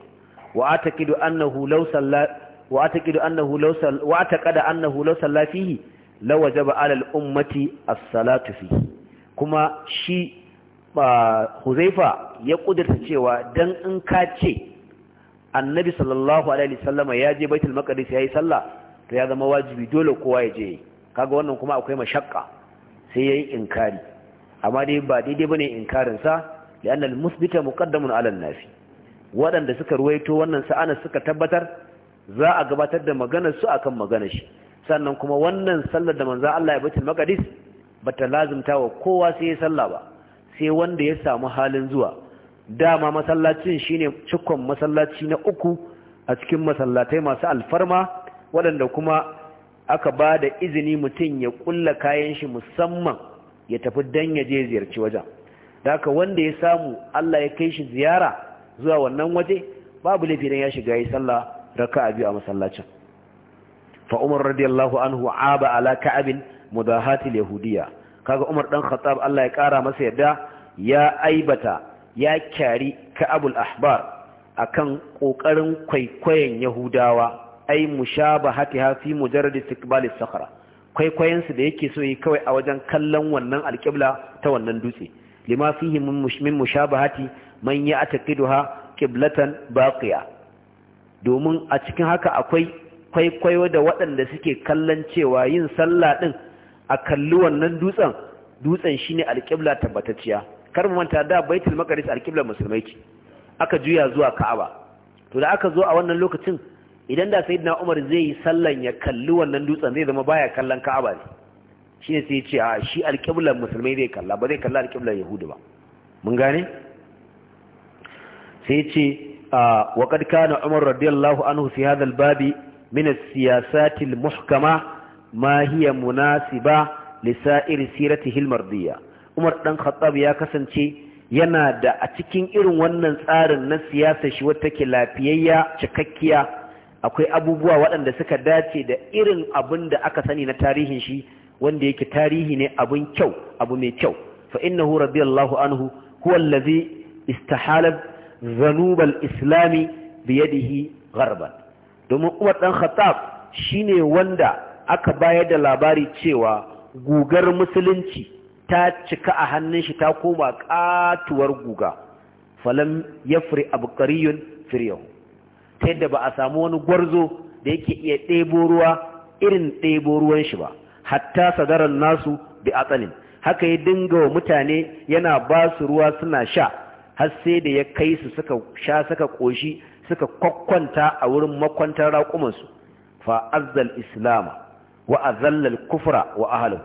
S1: wa ataqidu annahu law salla wa ataqidu annahu law salla wa ataqada annahu law salla fihi lawajaba 'ala al-ummati as-salatu fihi kuma shi huzaifa ya ƙudurta cewa dan in ka ce annabi sallallahu alaihi wasallama ya je baitul ya yi sallah to ya zama wajibi dole kowa ya je kaga wannan kuma akwai mashakka sai ya yayi inkari amma dai ba daidai bane inkarin sa lianna al-musbita muqaddamun ala nafi waɗanda suka ruwaito wannan sa'anar suka tabbatar za a gabatar da maganar su akan maganar shi sannan kuma wannan sallar da manzan Allah ya baitul ba bata lazimta wa kowa sai ya sallah ba sai wanda ya samu halin zuwa dama masallacin shine cikon masallaci na uku a cikin masallatai masu alfarma waɗanda kuma aka ba da izini mutum ya ƙulla kayan shi musamman ya tafi dan ya je ziyarci wajen da haka wanda ya samu Allah ya kai shi ziyara zuwa wannan waje babu laifi dan ya shiga yi sallah raka'a biyu a masallacin fa umar radiyallahu anhu aba ala ka'abin mudahatil yahudiyya kaga Umar dan Khattab Allah ya kara masa yadda ya aibata ya kyari ka Abul Ahbar akan kokarin kwaikwayen Yahudawa ai ha fi mujarrad istiqbal as-sakhra kwaikwayen su da yake so yi kawai a wajen kallon wannan alqibla ta wannan dutse lima fihi min mushabahati man ya'taqiduha qiblatan baqiya domin a cikin haka akwai kwaikwayo da waɗanda suke kallon cewa yin sallah din a kalli wannan dutsen dutsen shine alƙibla tabbatacciya kar mu manta da baitul maqdis alƙibla musulmai ce aka juya zuwa ka'aba to da aka zo a wannan lokacin idan da sayyidina umar zai yi sallan ya kalli wannan dutsen zai zama baya kallon ka'aba ne shine sai ya ce a shi alƙiblar musulmai zai kalla ba zai kalla alƙiblar yahudu ba mun gane sai ya ce wa qad kana umar radiyallahu anhu fi babi min as-siyasati muhkama Mahiya hiya munasiba li sa'ir siratihi al-mardiyya Umar ɗan Khattab ya kasance yana da a cikin irin wannan tsarin na siyasa shi wata ke lafiyayya cikakkiya akwai abubuwa waɗanda suka dace da irin abin da aka sani na tarihin shi wanda yake tarihi ne abin kyau abu mai kyau fa innahu radiyallahu anhu huwa allazi istahala zanub islami bi yadihi gharban domin Umar dan Khattab shine wanda aka bayar da labari cewa gugar musulunci ta cika a hannun shi ta koma katuwar guga falam yafri abqariyun firyahu ta yadda ba a samu wani gwarzo da yake iya ɗebo ruwa irin ɗebo ruwan shi ba hatta sadaran nasu bi atsalin haka ya dinga wa mutane yana ba su ruwa suna sha har sai da ya kai su suka sha suka koshi suka kwakwanta a wurin makwantar raƙumansu fa islama wa azallal kufra wa ahlihi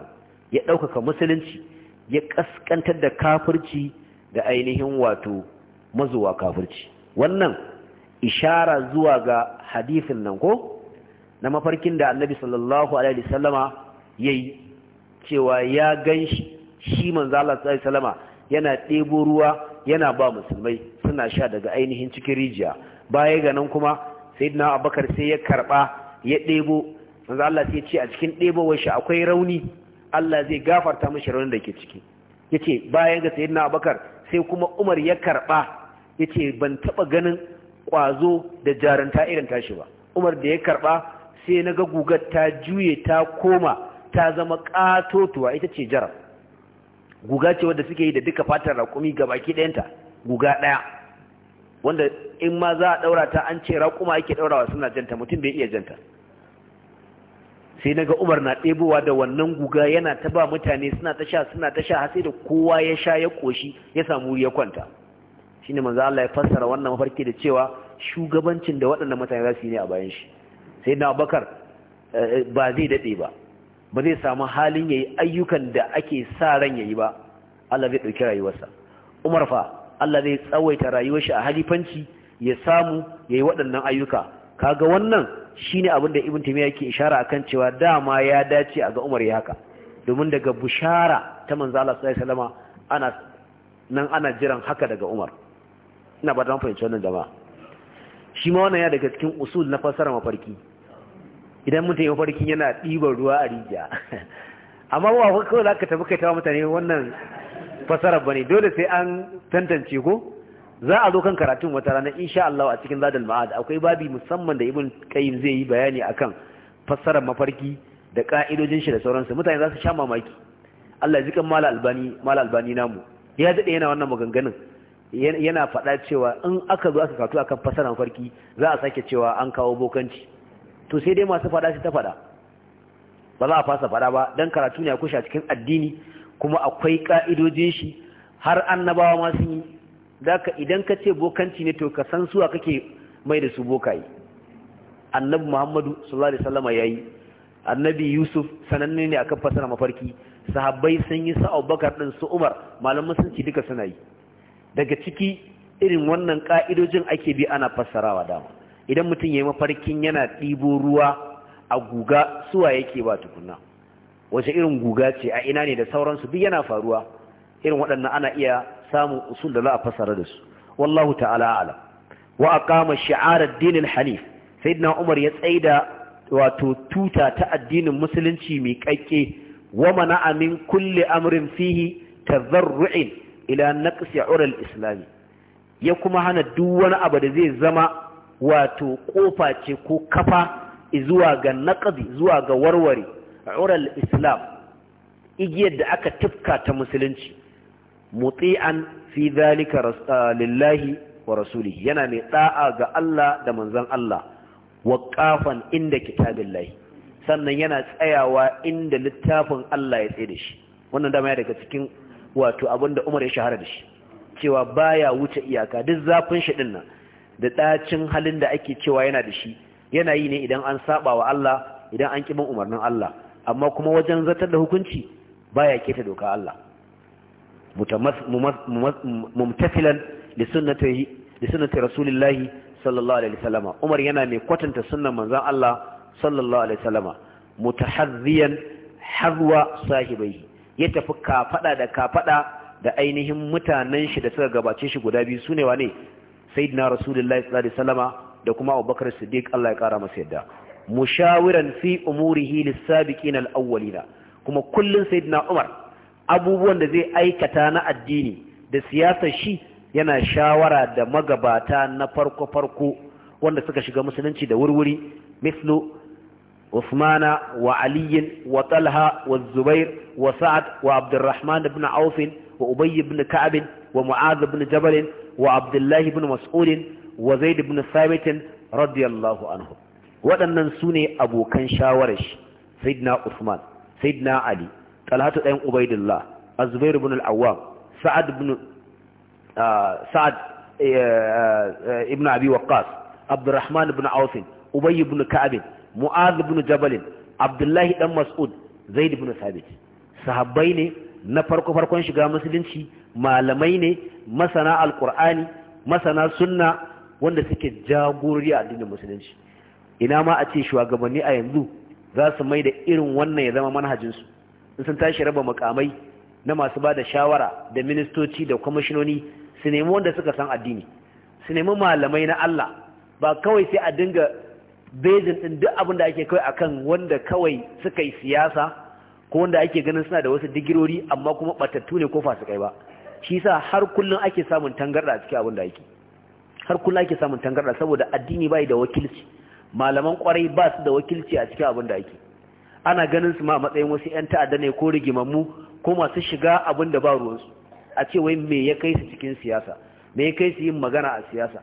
S1: ya ɗaukaka musulunci ya ƙasƙantar da kafirci da ainihin wato mazuwa kafirci wannan ishara zuwa ga hadisin nan ko na mafarkin da annabi sallallahu alaihi wasallama yayi cewa ya ganshi shi manzo Allah sallallahu alaihi yana ɗebo ruwa yana ba musulmai suna sha daga ainihin cikin rijiya baya ga nan kuma sayyidina Abubakar sai ya karba ya ɗebo manzo Allah sai ce a cikin ɗebowar shi akwai rauni Allah zai gafarta mishi raunin da ke ciki yace bayan ga sayyidina Abubakar sai kuma Umar ya karba yace ban taba ganin ƙwazo da jaranta irin tashi ba Umar da ya karɓa sai naga gugar ta juye ta koma ta zama katotuwa ita ce jarab guga ce wadda suke yi da duka fatar ga baki ɗayanta guga ɗaya wanda in ma za a ɗaura ta an ce raƙuma yake ɗaurawa suna janta mutum bai iya janta sai na ga Umar na ɗebowa da wannan guga yana ta ba mutane suna ta sha suna ta sha har sai da kowa ya sha ya koshi ya samu ya kwanta shine manzo Allah ya fassara wannan mafarki da cewa shugabancin da waɗannan mutane za su yi ne a bayan shi sai na Abubakar eh, ba zai dade ba ba zai samu halin yayi ayyukan da ake sa ran yayi ba Allah zai dauki rayuwarsa Umar fa Allah zai tsawaita rayuwar a halifanci ya samu yayi waɗannan ayyuka kaga wannan Shi ne abin da ibn timiya yake ishara akan cewa dama ya dace a ga umar ya haka domin daga bushara ta manzo Allah sallallahu alaihi ana nan ana jiran haka daga umar ina ba ta fahimci wannan jama'a shi ma wannan ya daga cikin usul na fassara mafarki idan mutum ya mafarki yana ɗiban ruwa a rijiya amma ba kawai za ka tafi kai ta mutane wannan fasarar ba ne dole sai an tantance ko za a zo kan karatun wata rana insha Allah a cikin zadal ma'ad akwai babi musamman da ibn qayyim zai yi bayani akan fassarar mafarki da ka'idojin shi da sauransu mutane za su sha mamaki Allah jikan mala albani mala albani namu ya dade yana wannan maganganun yana faɗa cewa in aka zo aka katu akan fassarar mafarki za a sake cewa an kawo bokanci to sai dai masu faɗa su ta faɗa ba za a fasa faɗa ba dan karatu ne a kusha cikin addini kuma akwai ka'idojin shi har annabawa ma sun yi daka idan ka ce bokanci ne to ka san suwa kake mai da su bokaye annabi muhammadu sallallahu alaihi wasallam yayi annabi yusuf sananne ne aka fasara mafarki sahabbai sun yi sa abubakar din su umar malaman sun ci duka suna yi daga ciki irin wannan ka'idojin ake bi ana fassarawa dama idan mutum ya yi mafarkin yana ɗibo ruwa a guga suwa yake ba tukuna wace irin guga ce a ina ne da sauransu duk yana faruwa irin waɗannan ana iya samun usul da za a fasara da su wallahu ta'ala ala wa aqama shi'ar ad-din Halif. hanif sayyidina umar ya tsaida wato tuta ta addinin musulunci mai kakke wa mana'a amin kulli amrin fihi tazarru'in ila naqsi ural islami ya kuma hana duk wani abu da zai zama wato kofa ce ko kafa zuwa ga naqdi zuwa ga warware ural islam igiyar da aka tifka ta musulunci muti'an fi dhalika ah, lillahi wa rasulihi yana mai da'a ga Allah da manzon Allah waqafan inda kitabillahi sannan yana tsayawa inda littafin Allah ya tsaye da shi wannan dama ya daga cikin wato abinda Umar ya shahara da shi cewa baya wuce iyaka duk zafin shi dinnan da dacin halin da ake cewa yana da shi yana yi ne idan an saba wa Allah idan an kibin umarnin Allah amma kuma wajen zatar da hukunci baya keta doka Allah mumtasilan da sunnati rasulillahi sallallahu alaihi wasallama umar yana mai kwatanta sunan manzan Allah sallallahu alaihi wasallama mutahazziyan hazwa sahibai ya tafi kafada da kafada da ainihin mutanen shi da suka gabace shi guda biyu sune wane sayyidina rasulullahi sallallahu alaihi wasallama da kuma abubakar siddiq Allah ya kara masa yadda mushawiran fi umurihi lis-sabiqin al-awwalina kuma kullun sayyidina umar abubuwan da zai aikata na addini da siyasar shi yana shawara da magabata na farko-farko wanda suka shiga musulunci da wurwuri mislu usmana wa aliyin wa talha wa zubair wa sa'ad wa abdurrahman ibn aufin wa Ubayy ibn ka'ab wa mu'adh ibn jabal wa Abdullahi ibn mas'ud wa zaid ibn thabit radiyallahu anhu waɗannan su ne abokan shawarar shi sayyidina usman sayyidina ali talhatu ɗayan ubaidillah azubair ibn al sa'ad ibn ah, sa'ad eh, eh, ibn abi waqqas abdurrahman ibn auf ubay ibn ka'ab mu'adh ibn jabal abdullahi dan mas'ud zaid ibn thabit sahabbai ne na farko farkon shiga musulunci malamai ne masana alqur'ani masana sunna wanda suke jagorori a addinin musulunci ina ma a ce shugabanni a yanzu za su mai da irin wannan ya zama manhajinsu sun tashi raba makamai na masu ba da shawara da ministoci da kwamishinoni su nemi wanda suka san addini su nemi malamai na Allah ba kawai sai a dinga bezin din duk abin da ake kawai akan wanda kawai suka yi siyasa ko wanda ake ganin suna da wasu digirori amma kuma batattu ne ko kai ba shi sa har kullum ake samun tangarda a cikin abin da ake har kullum ake samun tangarda saboda addini bai da wakilci malaman kwarai ba su da wakilci a cikin abin da ake ana ganin su ma a matsayin wasu 'yan ta'adda ne ko rigimammu ko masu shiga abin da ba ruwansu a ce wai me ya kai su cikin siyasa me ya kai su yin magana a siyasa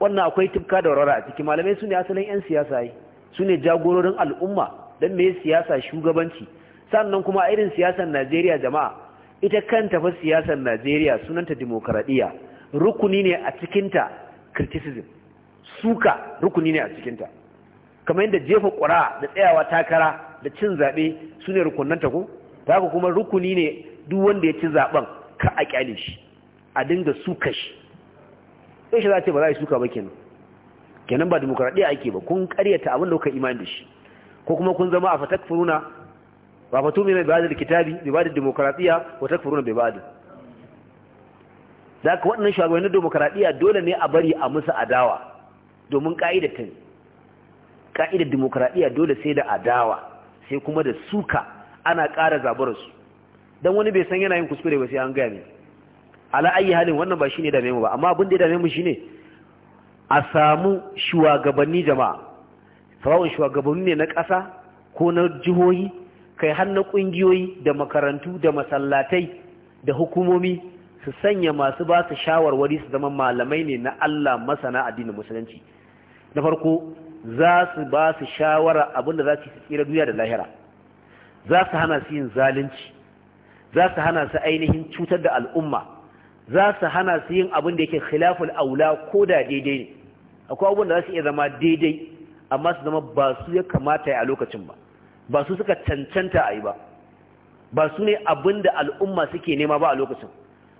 S1: wannan akwai tufka da warwara a ciki malamai su ne asalin 'yan siyasa yi su ne jagororin al'umma don me siyasa shugabanci sannan kuma irin siyasar najeriya jama'a ita kan tafi siyasar najeriya sunanta dimokuraɗiyya rukuni ne a cikinta criticism suka rukuni ne a cikinta kamar yadda jefa ƙura da tsayawa takara da cin zaɓe su ne rukunanta ko ta haka kuma rukuni ne duk wanda ya ci zaɓen ka a kyale shi a dinga suka shi sai shi za ce ba za a yi suka ba kenan kenan ba demokradiyya ake ba kun karyata abin da kuka iman da shi ko kuma kun zama a fatakfuruna ba fatu mai da kitabi bai ba'adul demokradiyya wa furuna bai ba da ka waɗannan na demokradiyya dole ne a bari a musu adawa domin ka'idar ta ne ka'idar demokradiyya dole sai da adawa sai kuma da suka ana ƙara zaburarsu don wani bai san yana yin kuskure ba sai an gaya ne ala ayi halin wannan ba shi ne dame mu ba amma abin da ya dame mu shi ne a samu shugabanni jama'a sawa'un shugabanni ne na ƙasa ko na jihohi kai har ƙungiyoyi da makarantu da masallatai da hukumomi su sanya masu ba su shawarwari su zama malamai ne na Allah masana addinin musulunci na farko za su ba su shawara abinda za su tsira duniya da lahira za su hana su yin zalunci za su hana su ainihin cutar da al'umma za su hana su yin abin da yake khilaful aula ko da daidai ne akwai abubuwan da za su iya zama daidai amma su zama ba su ya kamata a lokacin ba ba su suka cancanta a yi ba ba su ne abin da al'umma suke nema ba a lokacin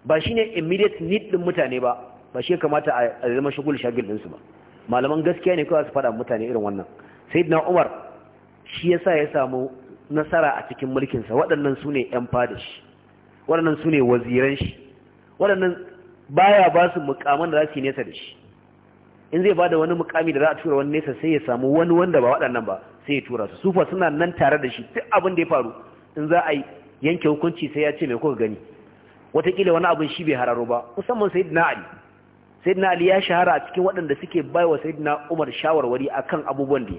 S1: ba shi ne immediate need ɗin mutane ba ba shi ya kamata a zama shagul shagil ɗinsu ba malaman gaskiya ne kawai su faɗa mutane irin wannan na umar shi yasa ya samu nasara a cikin mulkinsa waɗannan su ne ‘yan fada shi waɗannan su ne waziran shi waɗannan baya ba su mukaman da za su yi nesa da shi in zai ba da wani mukami da za a tura wani nesa sai ya samu wani wanda ba waɗannan ba sai ya tura su sufa suna nan tare da shi duk abin da ya faru in za a yanke hukunci sai ya ce mai kuka gani wataƙila wani abin shi bai hararo ba musamman sai na ali sayyidina ali ya shahara a cikin waɗanda suke baiwa sayyidina umar shawarwari akan abubuwan da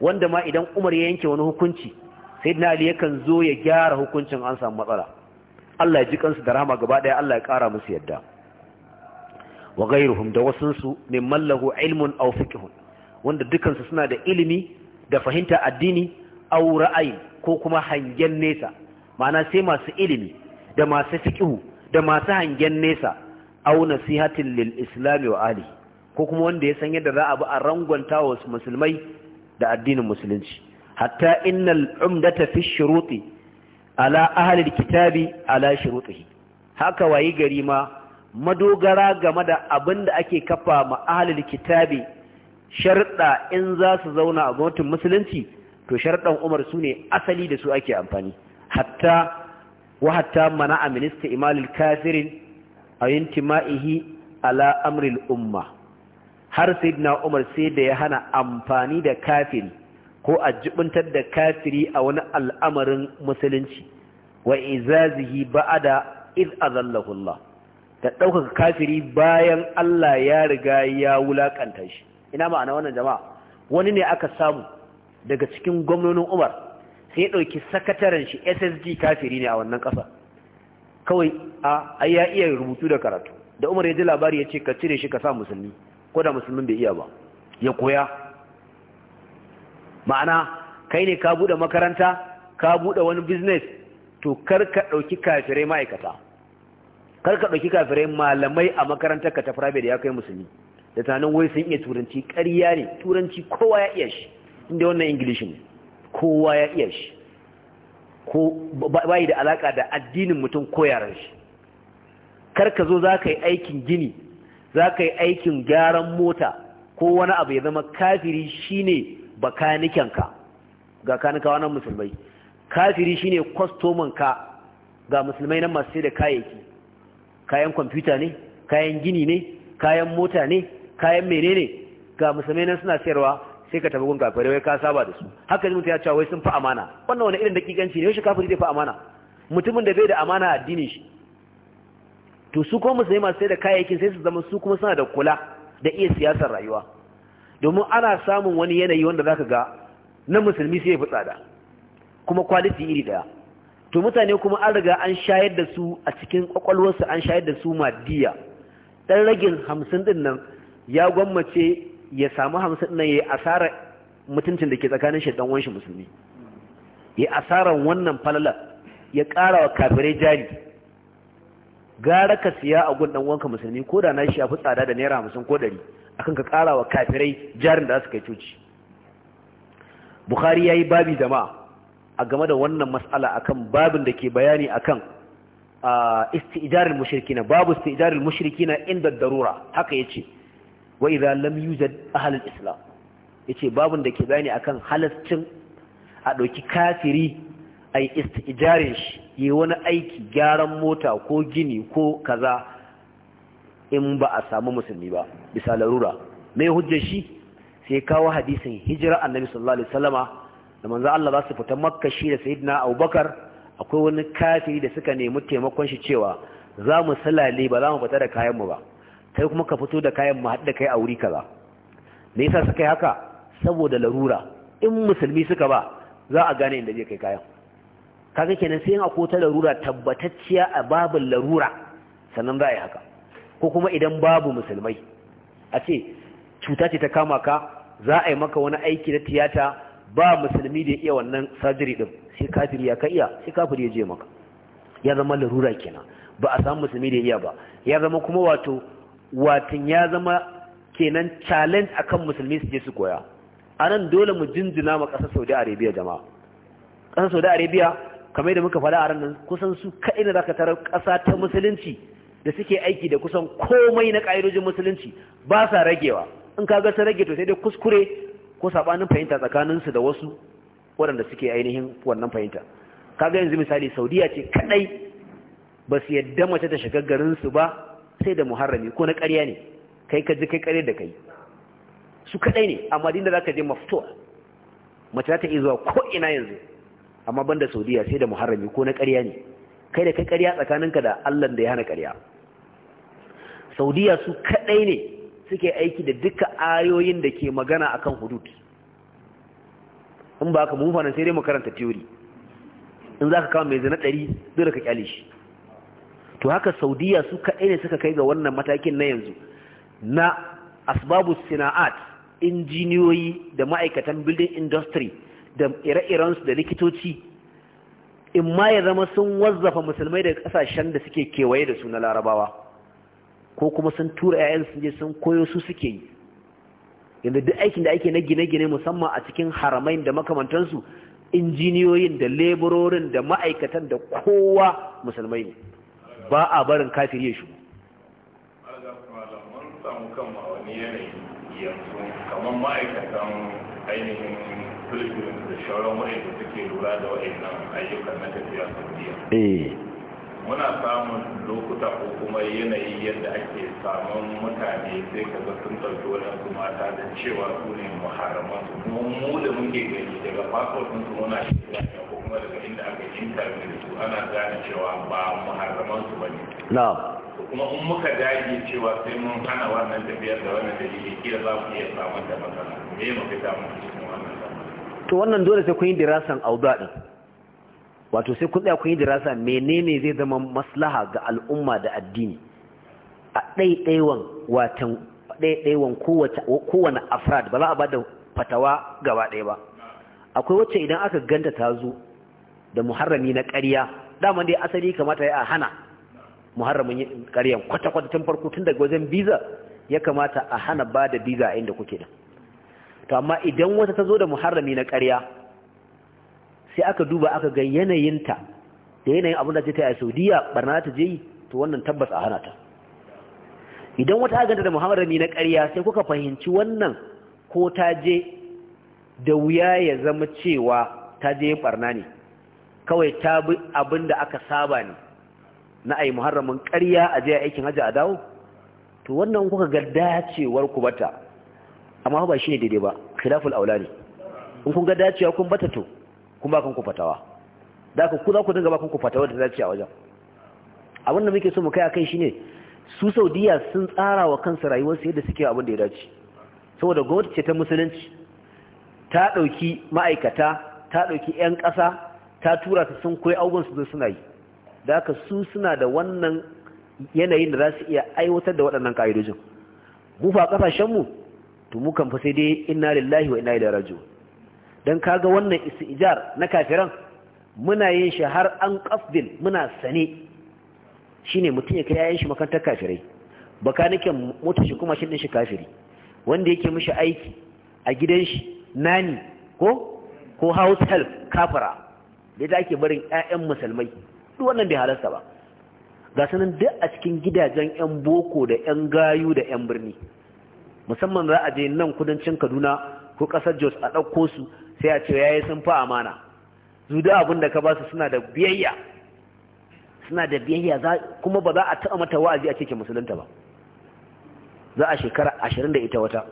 S1: wanda ma idan umar ya yanke wani hukunci sayyidina ali yakan zo ya gyara hukuncin an samu matsala Allah ya ji kansu da rahama gaba ɗaya Allah ya ƙara musu yadda wa ghayruhum da su ne mallahu ilmun aw fiqhun wanda dukansu suna da ilimi da fahimta addini aw ra'ayi ko kuma hangen nesa ma'ana sai masu ilimi da masu fiqhu da masu hangen nesa au nasihatin lil islami wa ali ko kuma wanda ya san yadda za a bi a rangwanta wa musulmai da addinin musulunci hatta innal umdata fi shuruti ala ahli kitabi ala shurutihi haka wayi gari ma madogara game da abin da ake kafa ma ahli kitabi sharda in za su zauna a gwamnatin musulunci to sharɗan umar su ne asali da su ake amfani hatta wa hatta a minista imalil kafirin a intima'ihi ala amril umma har sayyidina umar sai da ya hana amfani da kafiri ko a jibintar da kafiri a wani al'amarin musulunci wa izazihi ba'ada iz azallahu Allah da ɗaukaka kafiri bayan Allah ya riga ya wulakanta shi ina ma'ana wannan jama'a wani ne aka samu daga cikin gwamnonin Umar sai ya ɗauki sakataren shi SSG kafiri ne a wannan ƙasa kawai a ya iya rubutu da karatu da umar ya ji labari ya ce ka cire shi ka sa musulmi ko da musulmin bai iya ba ya koya ma'ana kai ne ka bude makaranta ka bude wani business to kar ka dauki kafirai ma'aikata kar ka dauki kafirai malamai a makarantar ka ta da ya kai musulmi da tunanin wai sun iya turanci ƙarya ne turanci kowa ya iya shi inda wannan Ingilishin, kowa ya iya shi ko bai da alaka da addinin mutum ko yaran shi kar ka zo za ka yi aikin gini za ka yi aikin gyaran mota ko wani abu ya zama kafiri shine ka ga kanika nan musulmai kafiri shine kwastomanka ga musulmai nan masu sai da kayayyaki kayan kwamfuta ne kayan gini ne kayan mota ne kayan menene ga musulmai nan suna sayarwa sai ka tafi gun kafirai wai ka saba da su haka mutum ya cewa wai sun fi amana wannan wani irin dakikanci ne shi kafiri zai fi amana mutumin da bai da amana a addinin shi to su kuma musulmai masu sai da kayayyakin sai su zama su kuma suna da kula da iya siyasar rayuwa domin ana samun wani yanayi wanda zaka ga na musulmi sai ya fi tsada kuma kwaliti iri daya to mutane kuma an riga an shayar da su a cikin kwakwalwarsu an shayar da su madiya dan ragin hamsin din nan ya gwammace ya samu hamsin nan ya asara mutuncin da ke tsakanin shi dan wanshi musulmi ya asarar wannan falala ya ƙara wa kafirai jari gara ka siya a gun dan wanka musulmi ko da na shi ya fi tsada da naira hamsin ko ɗari akan ka ƙara wa kafirai jarin da za su kai coci bukhari ya yi babi jama'a a game da wannan mas'ala akan babin da ke bayani akan ah, istijaril mushrikina babu istijaril mushrikina inda darura haka ya ce. wa idza lam yujad ahlul islam yace babun da ke bayani akan halascin a ɗauki kafiri a yi istijarin shi yi wani aiki gyaran mota ko gini ko kaza in ba a samu musulmi ba bisa larura mai hujjar shi sai kawo hadisin hijira annabi sallallahu alaihi wasallama da manzo Allah za su fita makka shi da sayyidina Abubakar akwai wani kafiri da suka nemi taimakon shi cewa za mu salale ba za mu fita da kayan mu ba kai kuma ka fito da kayan mu hadda kai a wuri kaza me yasa suka yi haka saboda larura in musulmi suka ba za a gane inda zai kai kayan kaga kenan sai in akwai kota larura tabbatacciya a babu larura sannan za a yi haka ko kuma idan babu musulmai a ce cuta ce ta kama ka za a yi maka wani aiki na tiyata ba musulmi da ya iya wannan sajiri din sai kafiri ya ka iya sai kafiri ya je maka ya zama larura kenan ba a samu musulmi da iya ba ya zama kuma wato watan ya zama kenan challenge akan musulmi su je su koya a nan dole mu jinjina ma ƙasar saudi arabia jama'a ƙasar saudi arabia kamar yadda muka faɗa a ranar kusan su kaɗai na zaka tarar ƙasa ta musulunci da suke aiki da kusan komai na ƙa'idojin musulunci ba sa ragewa in ka ga sun rage to sai dai kuskure ko saɓanin fahimta tsakanin su da wasu waɗanda suke ainihin wannan fahimta ka ga yanzu misali saudiya ce kaɗai ba su yadda mace ta shiga su ba sai da muharrami ko na ƙarya ne kai ka ji kai ƙarya da kai su kaɗai ne amma dinda za ka je maftuwa mace za ta iya zuwa ko ina yanzu amma banda saudiya sai da muharrami ko na ƙarya ne kai da kai ƙarya tsakaninka da allah da ya hana ƙarya saudiya su kaɗai ne suke aiki da duka ayoyin da ke magana akan hudud in ba ka mu sai dai mu karanta theory in za ka kawo mai zina ɗari dole ka kyale shi to haka saudiya su kaɗai ne suka kai ga wannan matakin na yanzu na asbabu sina'at injiniyoyi da ma'aikatan building industry da ire-irensu da likitoci in ma ya zama sun wazzafa musulmai daga ƙasashen da suke kewaye da su na larabawa ko kuma sun tura yayin sun je sun koyo su suke yi yanzu duk aikin da ake na gine-gine musamman a cikin haramain da makamantansu injiniyoyin da leburorin da ma'aikatan da kowa musulmai ne ba a barin kafiri ya shigo kamar ma'aikatan ainihin filifin da shauran wa'anda suke lura da wa'annan ayyukan na tafiya saudiya muna samun lokuta ko kuma yanayi yadda ake samun mutane sai ka sun ɗauki waɗansu mata da cewa su ne muharraman su kuma mu da muke daga fasofin su muna shi kuma daga inda aka yi interview da su ana gane cewa ba muharraman su bane na'am kuma in muka dage cewa sai mun hana wannan tafiyar da wannan dalili kila za mu iya samun da matsala me mu fita mu cikin wannan to wannan dole sai kun yi dirasan auda din wato sai kun tsaya kun yi dirasa menene zai zama maslaha ga al'umma da addini a ɗaiɗaiwan watan ɗaiɗaiwan kowane afrad ba za a ba da fatawa gaba ɗaya ba akwai wacce idan aka ganta ta zo da muharrami na ƙarya dama dai asali kamata ya hana muharramin ƙaryan kwata-kwata tun farko tun daga wajen biza ya kamata a hana ba da biza a inda kuke da to amma idan wata ta zo da muharrami na ƙarya sai aka duba aka ga yanayinta da yanayin abin da ta yi a saudiya barna ta je to wannan tabbas a hana ta idan wata aka ganta da muharrami na ƙarya sai kuka fahimci wannan ko ta je da wuya ya zama cewa ta je barna ne kawai ta bi abin da aka saba ne na ai muharramin ƙarya a je aikin hajji a dawo to wannan kuka ga dacewar ku bata amma ba shi ne daidai ba khilaful aula ne in kun ga dacewa kun bata to kun ba ku fatawa da ku za ku dinga ba ku fatawa da dace a wajen abin da muke so mu kai kai shine su saudiya sun tsara wa kansu su yadda suke abin da ya dace saboda gwamnati ce ta musulunci ta ɗauki ma'aikata ta ɗauki 'yan ƙasa ta tura ta sun koyi abubuwan su suna yi da haka su suna da wannan yanayin da za su iya aiwatar da waɗannan ƙa'idojin mu fa ƙasashen mu to mu kan fa sai dai inna lillahi wa inna ilaihi raji'un dan kaga wannan istijar na kafiran muna yin shi har an qasdin muna sane shine mutum ya kai yayin shi makantar kafirai nake mota shi kuma shi din shi kafiri wanda yake mishi aiki a gidan shi nani ko ko house help kafara da ita ake barin 'ya'yan musulmai duk wannan bai halarta ba ga sanin duk a cikin gidajen 'yan boko da 'yan gayu da 'yan birni musamman za a je nan kudancin kaduna ko ƙasar jos a ɗauko su sai a ce ya yi sun fa amana zu da abin da ka ba su suna da biyayya suna da biyayya kuma ba za a taɓa mata wa'azi a cikin musulunta ba za a shekara ashirin da ita wata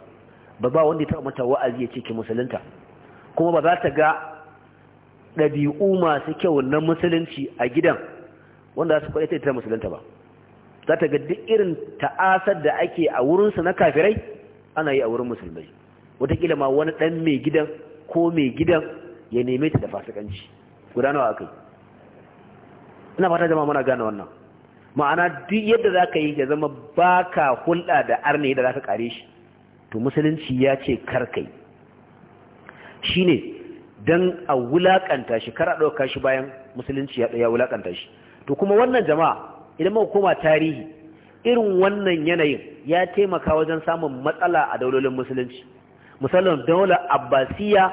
S1: ba ba wanda ya taɓa mata wa'azi a cikin musulunta kuma ba za ta ga ɗabi'u masu kyau na musulunci a gidan wanda su kwaɗe ta musulunta ba za ta ga duk irin ta'asar da ake a wurinsu na kafirai ana yi a wurin musulmai wataƙila ma wani ɗan mai gidan ko mai gidan ya neme ta da fasikanci gudanawa akai ina fata jama'a muna gane wannan ma'ana duk yadda za ka yi ya zama ba ka hulɗa da arne da za ka kare shi to musulunci ya ce karkai shi ne don a wulakanta shi kar a ɗauka shi bayan musulunci ya wulakanta shi to kuma wannan jama'a idan muka koma tarihi irin wannan yanayin ya taimaka wajen samun matsala a daulolin musulunci musallan daular abbasiya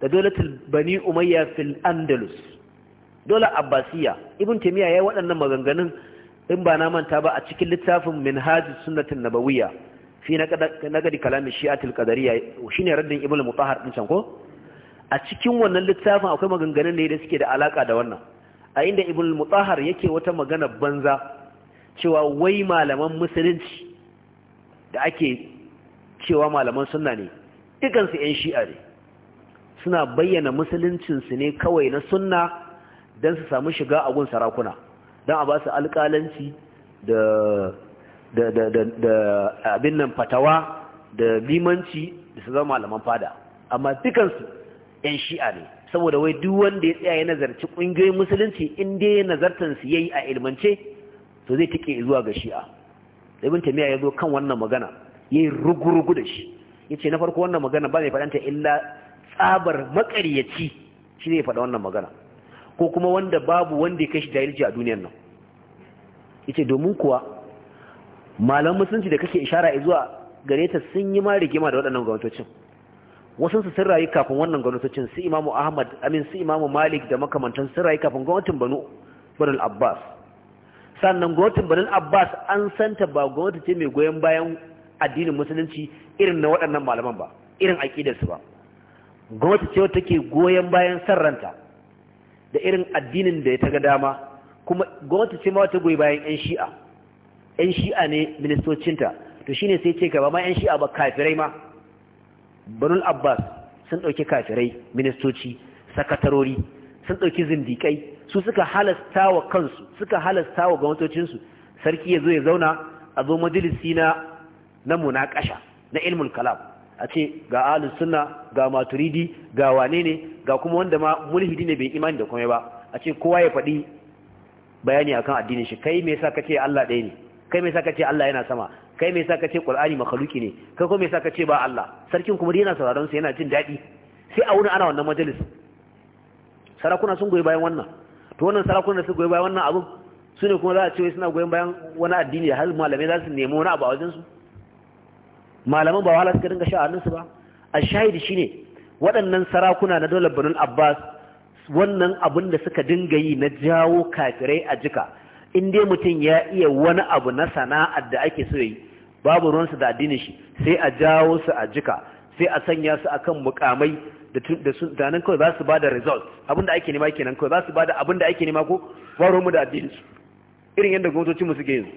S1: da daular bani umayya fil andalus daular abbasiya ibn ya yi waɗannan maganganun in ba na manta ba a cikin littafin minhajus sunnatin nabawiyya fi naqdi kalamin shi'atul qadariyya shine raddin ibn mutahhar din can ko a cikin wannan littafin akwai maganganun ne da suke da alaka da wannan a inda ibn mutahar yake wata magana banza cewa wai malaman musulunci da ake cewa malaman sunna ne dukansu 'yan shi'a ne suna bayyana musuluncinsu ne kawai na sunna don su samu shiga agun sarakuna don a ba su alƙalanci da abin nan fatawa da limanci da su zama malaman fada amma dukansu 'yan shi'a ne saboda wai duk wanda ya tsaya ya nazarci ƙungiyoyin musulunci in dai ya nazartan su yayi a ilmance to zai tike zuwa ga shi'a ibn tamiya ya zo kan wannan magana ya yayi rugurugu da shi yace na farko wannan magana ba mai faɗanta illa tsabar maƙaryaci shi ne ya faɗa wannan magana ko kuma wanda babu wanda ya kai shi jahilci a duniyar nan ce domin kuwa malam musulunci da kake ishara zuwa gare ta sun yi ma rigima da waɗannan gwamnatocin wasu sun rayu kafin wannan gwamnatocin su imamu ahmad amin su imamu malik da makamantan sun rayu kafin gwamnatin banu banul abbas sannan gwamnatin banul abbas an santa ba gwamnati ce mai goyon bayan addinin musulunci irin na waɗannan malaman ba irin aƙidarsu ba gwamnati ce wata ke goyon bayan sarranta da irin addinin da ya taga dama kuma gwamnati ce ma wata goyi bayan yan shi'a yan shi'a ne ministocinta to shine sai ce ka ba ma yan shi'a ba kafirai ma banul abbas sun ɗauki kafirai ministoci sakatarori sun ɗauki zindikai su suka halasta wa kansu suka halasta wa gwamnatocinsu sarki ya zo ya zauna a zo majalisi na na munakasha na ilmul kalam a ce ga ahlus sunna ga maturidi ga wane ne ga kuma wanda ma mulhidi ne bai imani da komai ba a ce kowa ya faɗi bayani akan addinin shi kai me yasa kace Allah ɗaya ne kai me yasa kace Allah yana sama kai me yasa ka ce qur'ani makhluki ne kai ko me yasa ka ce ba Allah sarkin kuma yana sauraron sa yana jin dadi sai a wurin ana wannan majalis sarakuna sun goyi bayan wannan to wannan sarakuna sun goyi bayan wannan abu su ne kuma za a ce suna goyen bayan wani addini har malamai za su nemi wani abu a wajen su malaman ba wahala suka dinga sha su ba a shahidi shine waɗannan sarakuna na dole banul abbas wannan abun da suka dinga yi na jawo kafirai a jika in dai mutum ya iya wani abu na sana'ar da ake so yi babu ruwansu da addinin shi sai a jawo su a jika sai a sanya su akan mukamai da su da nan kawai ba su bada result abinda ake nema kenan kawai ba su bada abinda ake nema ko faro mu da addinin su irin yadda gwamnatoci mu suke yanzu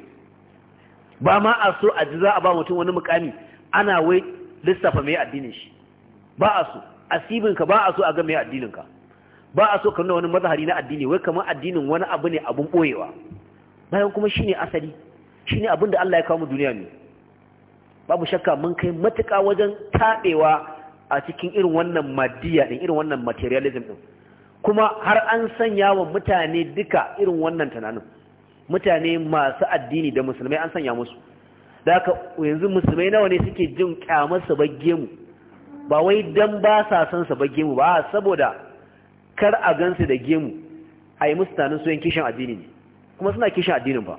S1: ba ma a so a ji za a ba mutum wani mukami ana wai lissafa mai addinin shi ba a so ka ba a so a ga mai ka ba a so ka nuna wani mazahari na addini wai kamar addinin wani abu ne abun boyewa bayan kuma shine asali shine abin da Allah ya kawo mu duniya ne babu shakka mun kai matuƙa wajen taɓewa a cikin irin wannan madiya ɗin irin wannan materialism ɗin kuma har an sanya wa mutane duka irin wannan tunanin mutane masu addini da musulmai an sanya musu da haka yanzu musulmai nawa ne suke jin kyamar su bagge mu ba wai dan ba sa san su mu ba saboda kar a gansu da gemu a yi musu tunanin su kishin addini ne kuma suna kishin addinin ba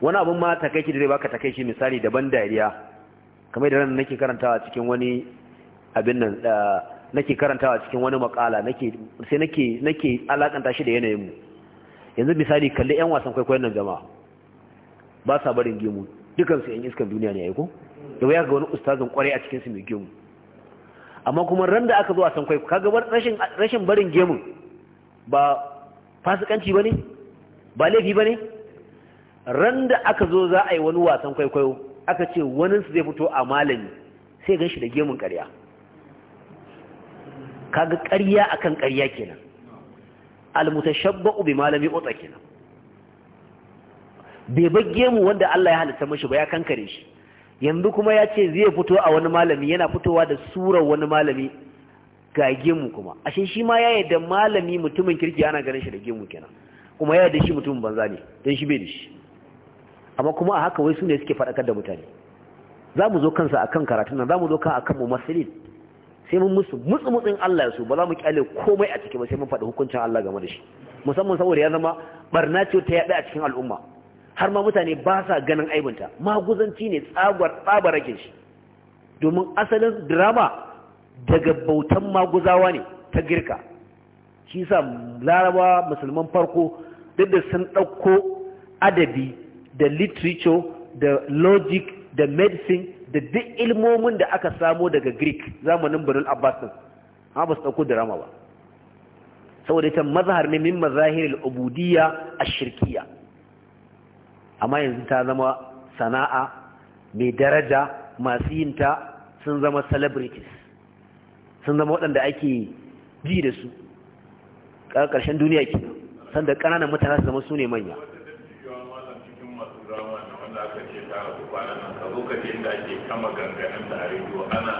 S1: wani abin ma takaici da zai baka takaici misali daban dariya kamar da ran nake karantawa cikin wani abin nan nake karantawa cikin wani makala nake sai nake nake alakanta shi da yanayin mu yanzu misali kalli yan wasan kwaikwayon nan jama'a ba sa barin gemu dukan su yan iskan duniya ne aiko da waya ga wani ustazin kwarai a cikin su mai gemu amma kuma ran da aka zo a san kwaikwayo kaga rashin rashin barin gemu ba fasikanci bane ba laifi bane ran da aka zo za a yi wani wasan kwaikwayo aka ce wani su zai fito a malami sai gan shi da gemun ƙarya kaga ƙarya kan ƙarya kenan almutashabba'u ubi malami otsa kenan bai bar gemu wanda Allah ya halitta mashi ba ya kankare shi yanzu kuma ya ce zai fito a wani malami yana fitowa da surar wani malami ga gemu kuma ashe shi ma ya yadda malami mutumin kirki ana ganin shi da gemu kenan kuma ya yadda shi mutumin banza ne don shi bai da shi amma kuma a haka wai su ne suke faɗakar da mutane za mu zo kansa akan karatun nan za mu zo kan akan mu masilin sai mun musu mutsumutsin Allah ya so ba za mu kyale komai a ciki ba sai mun faɗi hukuncin Allah game da shi musamman saboda ya zama barna ce ta yaɗa a cikin al'umma har ma mutane ba sa ganin aibinta maguzanci ne tsagwar tsabar rake shi domin asalin drama daga bautan maguzawa ne ta girka shi sa laraba musulman farko duk da sun ɗauko adabi da literature da logic da medicine da duk ilmomin da aka samo daga greek zamanin banul abbas ha ba su ɗauko drama ba saboda ita mazhar ne min mazahiril ubudiyya ash-shirkiyya amma yanzu ta zama sana'a mai daraja masu yin ta sun zama celebrities sun zama waɗanda ake ji da su ƙarshen duniya ke sanda ƙananan mutane su zama su ne manya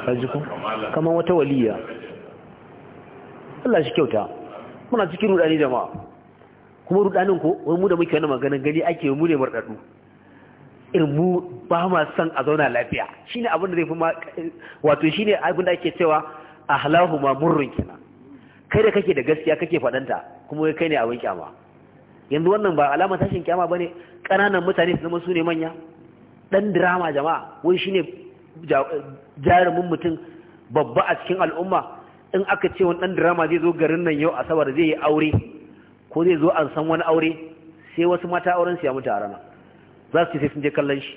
S1: ajikun kamar wata waliya Allah shi kyauta muna cikin rudani jama'a kuma rudanin ko wani mu da muke wani maganin gani ake mu ne mardadu irin mu ba ma san a zauna lafiya shine abin da zai fi ma wato shine abin da ake cewa ahlahuma murrun kina kai da kake da gaskiya kake fadanta kuma kai ne abin kyama yanzu wannan ba alama tashin kyama bane ƙananan mutane su zama su ne manya dan drama jama'a wai shine jarumin mutum babba a cikin al'umma in aka ce wani ɗan drama zai zo garin nan yau asabar zai yi aure ko zai zo an san wani aure sai wasu mata auren su ya mutu a rana za su sai sun je kallon shi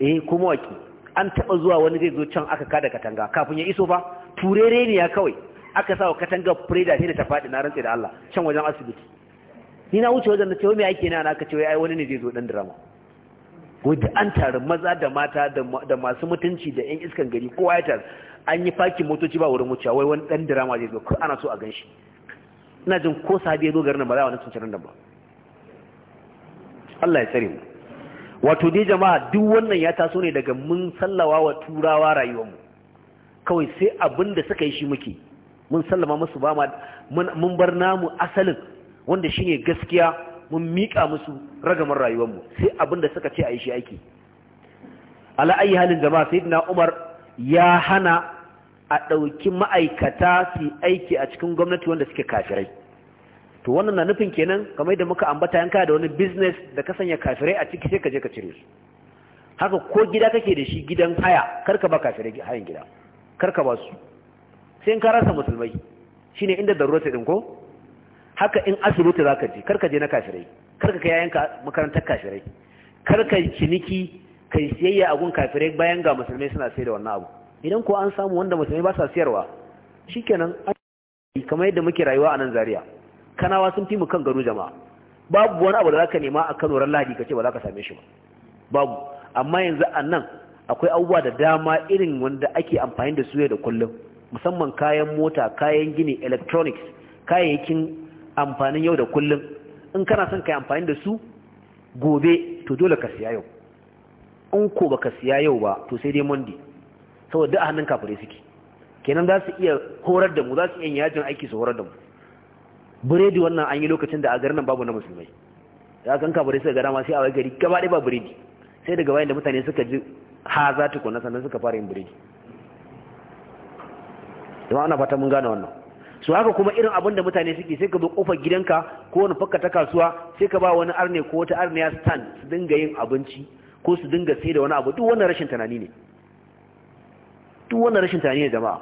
S1: eh kuma waki an taɓa zuwa wani zai zo can aka kada katanga kafin ya iso fa turere ne ya kawai aka sa wa katanga preda sai da ta faɗi na rantse da Allah can wajen asibiti ni na wuce wajen na ce wai me ake na aka ce wai ai wani ne zai zo ɗan drama wadda an taru maza da mata da masu mutunci da 'yan iskan gari kowa ya taru an yi fakin motoci ba wurin wuce wai wani dan dirama zai zo ana so a ganshi? ina jin ko sahabi ya zo garin nan ba za a wani tuncin nan ba Allah ya tsare mu wato dai jama'a duk wannan ya taso ne daga mun sallawa wa turawa mu kawai sai abin da suka yi shi muke mun sallama musu ba mun bar namu asalin wanda shine gaskiya mun miƙa musu ragamar mu, sai abin da suka ce a yi shi aiki ala ayi halin jama'a sayyidina umar ya hana a ɗauki ma'aikata su aiki a cikin gwamnati wanda suke kafirai to wannan na nufin kenan kamar yadda muka ambata yanka da wani business da ka sanya kafirai a ciki sai ka je ka cire su haka ko gida kake da shi gidan haya karka ba kafirai hayan gida karka ba su sai in ka rasa musulmai shine inda darurata din ko haka in asibiti za ka je karka je na kafirai karka ka yayanka makarantar kafirai karka ciniki kai siyayya a gun kafirai bayan ga musulmai suna sayar da wannan abu idan ko an samu wanda musulmai ba sa sayarwa shikenan kamar yadda muke rayuwa a nan Zariya, kanawa sun fi mu kan gado jama'a babu wani abu da za ka nema a Kano ran Lahadi kace ba za ka same shi ba babu amma yanzu a nan akwai abubuwa da dama irin wanda ake amfani da su da kullum musamman kayan mota kayan gini electronics kayayyakin amfanin yau da kullum in kana son ka yi amfani da su gobe to dole ka siya yau in ko ba ka siya yau ba to sai dai mondi saboda duk a hannun kafure suke kenan za su iya horar da mu za su iya yajin aiki su horar da mu biredi wannan an yi lokacin da a garin nan babu na musulmai ya kan kafure suka gara ma sai a wai gari gaba ɗaya ba biredi sai daga bayan da mutane suka ji ha za kuna sannan suka fara yin biredi jama'a fata mun gane wannan su haka kuma irin abin da mutane suke sai ka zo kofar gidanka ko wani fakka ta kasuwa sai ka ba wani arne ko wata ya stand su dinga yin abinci ko su dinga sai da wani abu duk wannan rashin tunani ne duk wannan rashin tunani ne jama'a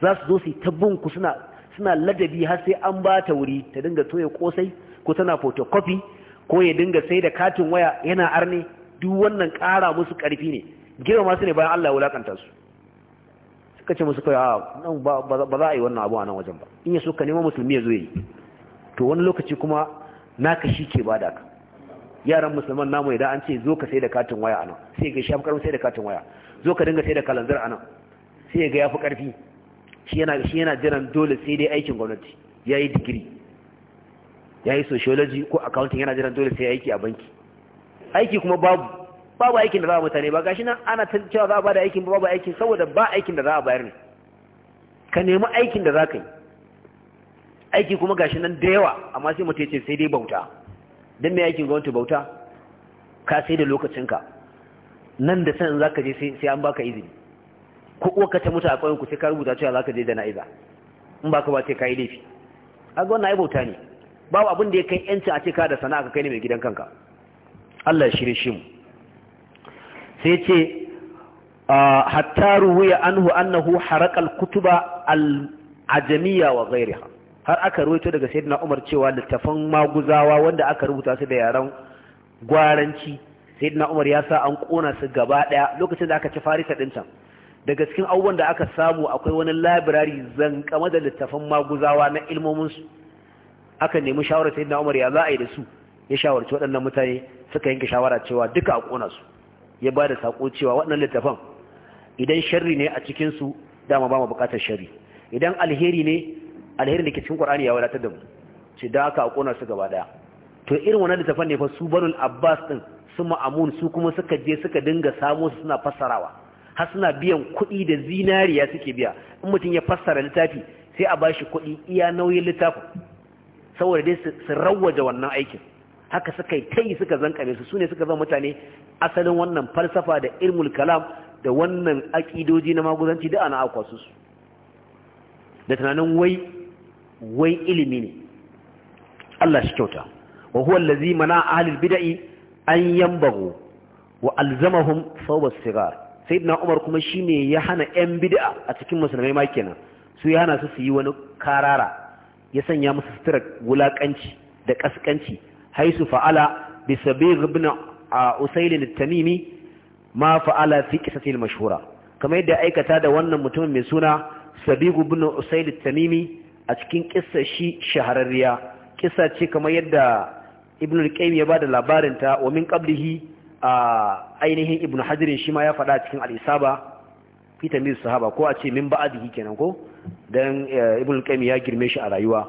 S1: za su zo su tabbun ku suna suna ladabi har sai an ba ta wuri ta dinga toye kosai ko tana photocopy ko ya dinga sai da katin waya yana arne duk wannan ƙara musu ƙarfi ne girma su ne bayan Allah ya wulakanta su suka ce musu kai a nan ba za a yi wannan abu a nan wajen ba in ya so ka nema musulmi ya zo yi to wani lokaci kuma naka shi ke ba da ka yaran musulman namu idan an ce zo ka sai da katin waya a nan sai ga shi karfin sai da katin waya zo ka dinga sai da kalanzar a nan sai ga ya fi karfi yana shi yana jiran dole sai dai aikin gwamnati ya yi digiri ya yi sociology ko accounting yana jiran dole sai aiki a banki aiki kuma babu babu aikin da za a mutane ba gashi nan ana ta cewa za a bada aikin ba babu aikin saboda ba aikin da za a bayar ne ka nemi aikin da za ka yi aiki kuma gashi nan da yawa amma sai mutum ce sai dai bauta don me aikin gwamnati bauta ka sai da lokacinka nan da sanin za ka je sai an baka izini ko uwa ka ta mutu a ƙwayon ku sai ka rubuta cewa za ka je da na'iza in ba ka ba sai ka yi laifi a ga wannan ai bauta ne babu abin da ya kai yancin a ce ka da sana'a ka kai ne mai gidan kanka Allah ya shirye shi mu sai ce ah, hatta ruwaya anhu annahu harakal kutuba al ajamiya wa ghairiha har aka ruwaito daga sayyidina Umar cewa littafan maguzawa wanda aka rubuta su da yaran gwaranci sayyidina Umar ya sa an kona su gaba daya lokacin da aka ci Farisa din can daga cikin abubuwan da aka samu akwai wani library zankama da littafan maguzawa na ilmomin su aka nemi shawarar sayyidina Umar ya za a yi da su ya shawarci waɗannan mutane suka yanke shawara cewa duka a kona su ya ba da saƙo cewa waɗannan littafan idan sharri ne a cikinsu dama ba mu buƙatar sharri idan alheri ne alheri da ke cikin ƙwararri ya wadatar da mu ce da aka ƙona su gaba ɗaya to irin wannan littafan ne fa su banul abbas ɗin su ma'amun su kuma suka je suka dinga samo su suna fassarawa har suna biyan kuɗi da zinariya suke biya in mutum ya fassara littafi sai a ba shi kuɗi iya nauyin littafin saboda dai su rawaje wannan aikin haka suka yi yi suka zankare su sune suka zama mutane asalin wannan falsafa da ilmul kalam da wannan akidoji na maguzanci da ana akwa su da tunanin wai wai ilimi ne Allah shi kyauta wa huwa allazi mana ahlul bid'i an yambagu wa alzamahum sawbas sigar sayyidina umar kuma shine ya hana yan bid'a a cikin musulmai ma kenan su ya hana su su yi wani karara ya sanya musu sutura wulakanci da kaskanci haisu fa'ala bi sabigh ibn usayl al-tamimi ma fa'ala fi qissatil mashhura kamar yadda aikata da wannan mutumin mai suna sabigh ibn usayl al-tamimi a cikin kissar shi shahararriya Kisa ce kamar yadda ibn al-qayyim ya bada labarin ta wa min qablihi a ainihin ibn hajrin shi ma ya faɗa cikin al-isaba fi tamyiz sahaba ko a ce min ba'dihi kenan ko dan ibn al-qayyim ya girme shi a rayuwa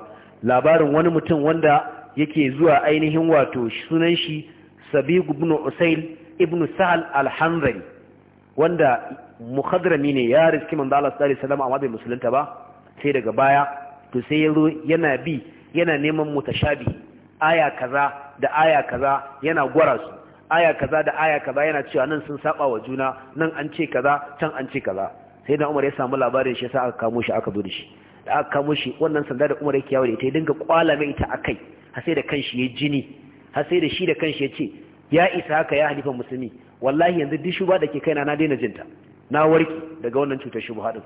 S1: labarin wani mutum wanda yake zuwa ainihin wato sunan shi sabiq ibn usayl ibn sahal al-hanzali wanda muhadrami ne ya riski manzo Allah sallallahu alaihi wasallam amma bai musulunta ba sai daga baya to sai ya zo yana bi yana neman mutashabi aya kaza da aya kaza yana gwara su aya kaza da aya kaza yana cewa nan sun saba wa juna nan an ce kaza can an ce kaza sai da Umar ya samu labarin shi sai aka kamo shi aka zo da shi da aka kamo shi wannan sanda da Umar yake yawo da ita dinga kwala mai ita akai har sai da kanshi ya jini har da shi da kanshi ya ce ya isa haka ya halifa musulmi wallahi yanzu duk shuba da ke kaina na daina jinta na warki daga wannan cutar shubha din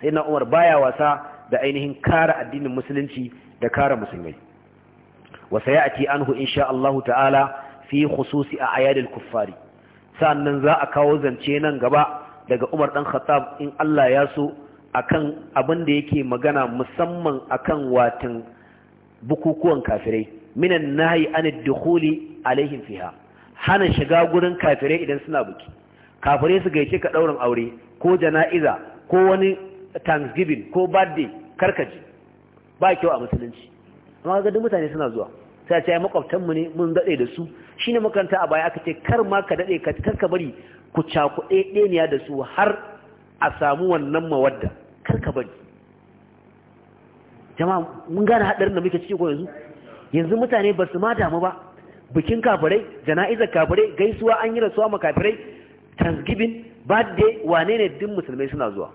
S1: sai na Umar baya wasa da ainihin kara addinin musulunci da kara musulmai wa sayati anhu insha Allah ta'ala fi khususi a ayadil kuffari sannan za a kawo zance nan gaba daga Umar ɗan Khattab in Allah ya so akan abin da yake magana musamman akan watan bukukuwan kafirai minan nahi an dukhuli alaihim fiha hana shiga gurin kafirai idan suna buki kafirai su gaice ka daurin aure ko jana'iza ko wani thanksgiving ko birthday karkaji ba kyau a musulunci amma ga duk mutane suna zuwa sai ce makwabtan mu ne mun dade da su shine makaranta a baya aka ce kar ma ka dade ka kar ka bari ku cakuɗe ɗeniya da su har a samu wannan mawadda kar ka bari jama'a mun gane hadarin da muke ciki ko yanzu yanzu mutane ba su ma damu ba bikin kafirai jana'izar kafirai gaisuwa an yi rasuwa ma kafirai thanksgiving birthday wane ne duk musulmai suna zuwa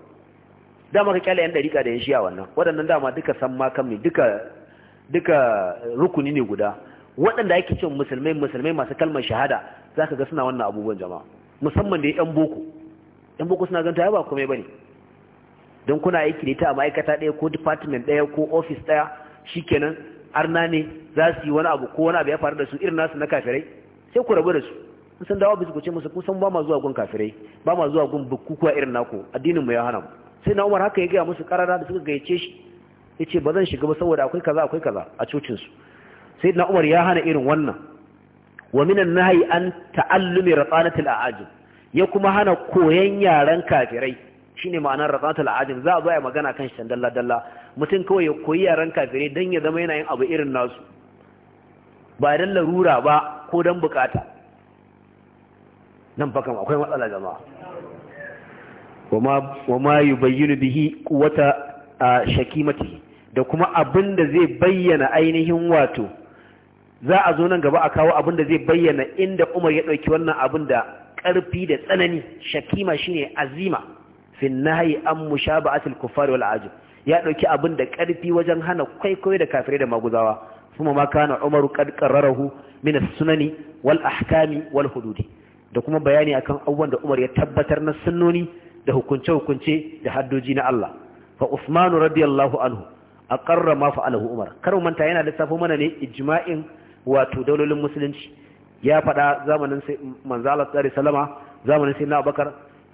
S1: dama ka kyale yan dariƙa da yan shiya wannan waɗannan dama duka san ma kan duka duka rukuni ne guda waɗanda ake cewa musulmai musulmai masu kalmar shahada zaka ga suna wannan abubuwan jama'a musamman da yan boko yan boko suna ganta ya ba komai bane don kuna aiki da ita a ma'aikata ɗaya ko department ɗaya ko office ɗaya shikenan arna ne za su yi wani abu ko wani abu ya faru da su irin nasu na kafirai sai ku rabu da su in san dawo bisu ku ce musu kun san ba ma zuwa gun kafirai ba ma zuwa gun bukukuwa irin naku addinin mu ya hana mu sai na Umar haka ya gaya musu karara da suka gayyace shi ya ce ba zan shiga ba saboda akwai kaza akwai kaza a cocin su sai na Umar ya hana irin wannan wa minan nahyi an ta'allumi ratanatil a'ajib ya kuma hana koyan yaran kafirai shine ma'anar ratsatul ajim za a zo ya magana kan shi dalla dalla mutum kawai ya koyi yaran kafirai don ya zama yana yin abu irin nasu ba dan larura ba ko dan bukata nan fakan akwai matsala jama'a ma yi bayyana bihi wata shaki shakimati da kuma abin da zai bayyana ainihin wato za a zo nan gaba a kawo abin da zai bayyana inda Umar ya ɗauki wannan abin da ƙarfi da tsanani shakima shine azima fin nahyi an mu mushaba'atil kuffar wal ajib ya ɗauki abin da karfi wajen hana kwaikwayo da kafirai da maguzawa kuma ma kana umaru qad qarrarahu min as wal ahkami wal hududi da kuma bayani akan abubuwan da Umar ya tabbatar na sunnoni da hukunce-hukunce da haddoji na Allah fa Usman radiyallahu anhu aqarra ma fa'alahu Umar kar manta yana lissafo mana ne ijma'in wato daulolin musulunci ya faɗa zamanin sai manzo Allah sallallahu zamanin sai na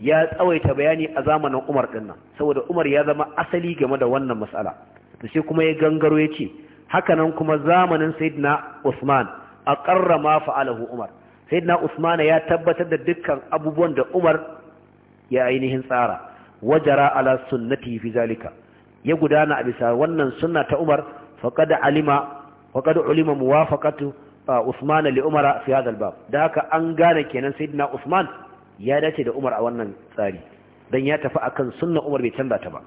S1: ya tsawaita bayani a zamanin Umar din nan saboda Umar ya zama asali game da wannan matsala da sai kuma ya gangaro ya ce haka nan kuma zamanin Sayyidina Usman a ma fa'alahu Umar Sayyidina Usman ya tabbatar da dukkan abubuwan da Umar ya ainihin tsara wajara ala sunnati fi zalika ya gudana a bisa wannan sunna ta Umar faqad alima faqad ulima muwafaqatu uh, Usman li umara fi hadha al-bab da haka an gane kenan Sayyidina Usman ya dace da Umar a wannan tsari dan ya tafi akan sunna Umar bai canza ta ba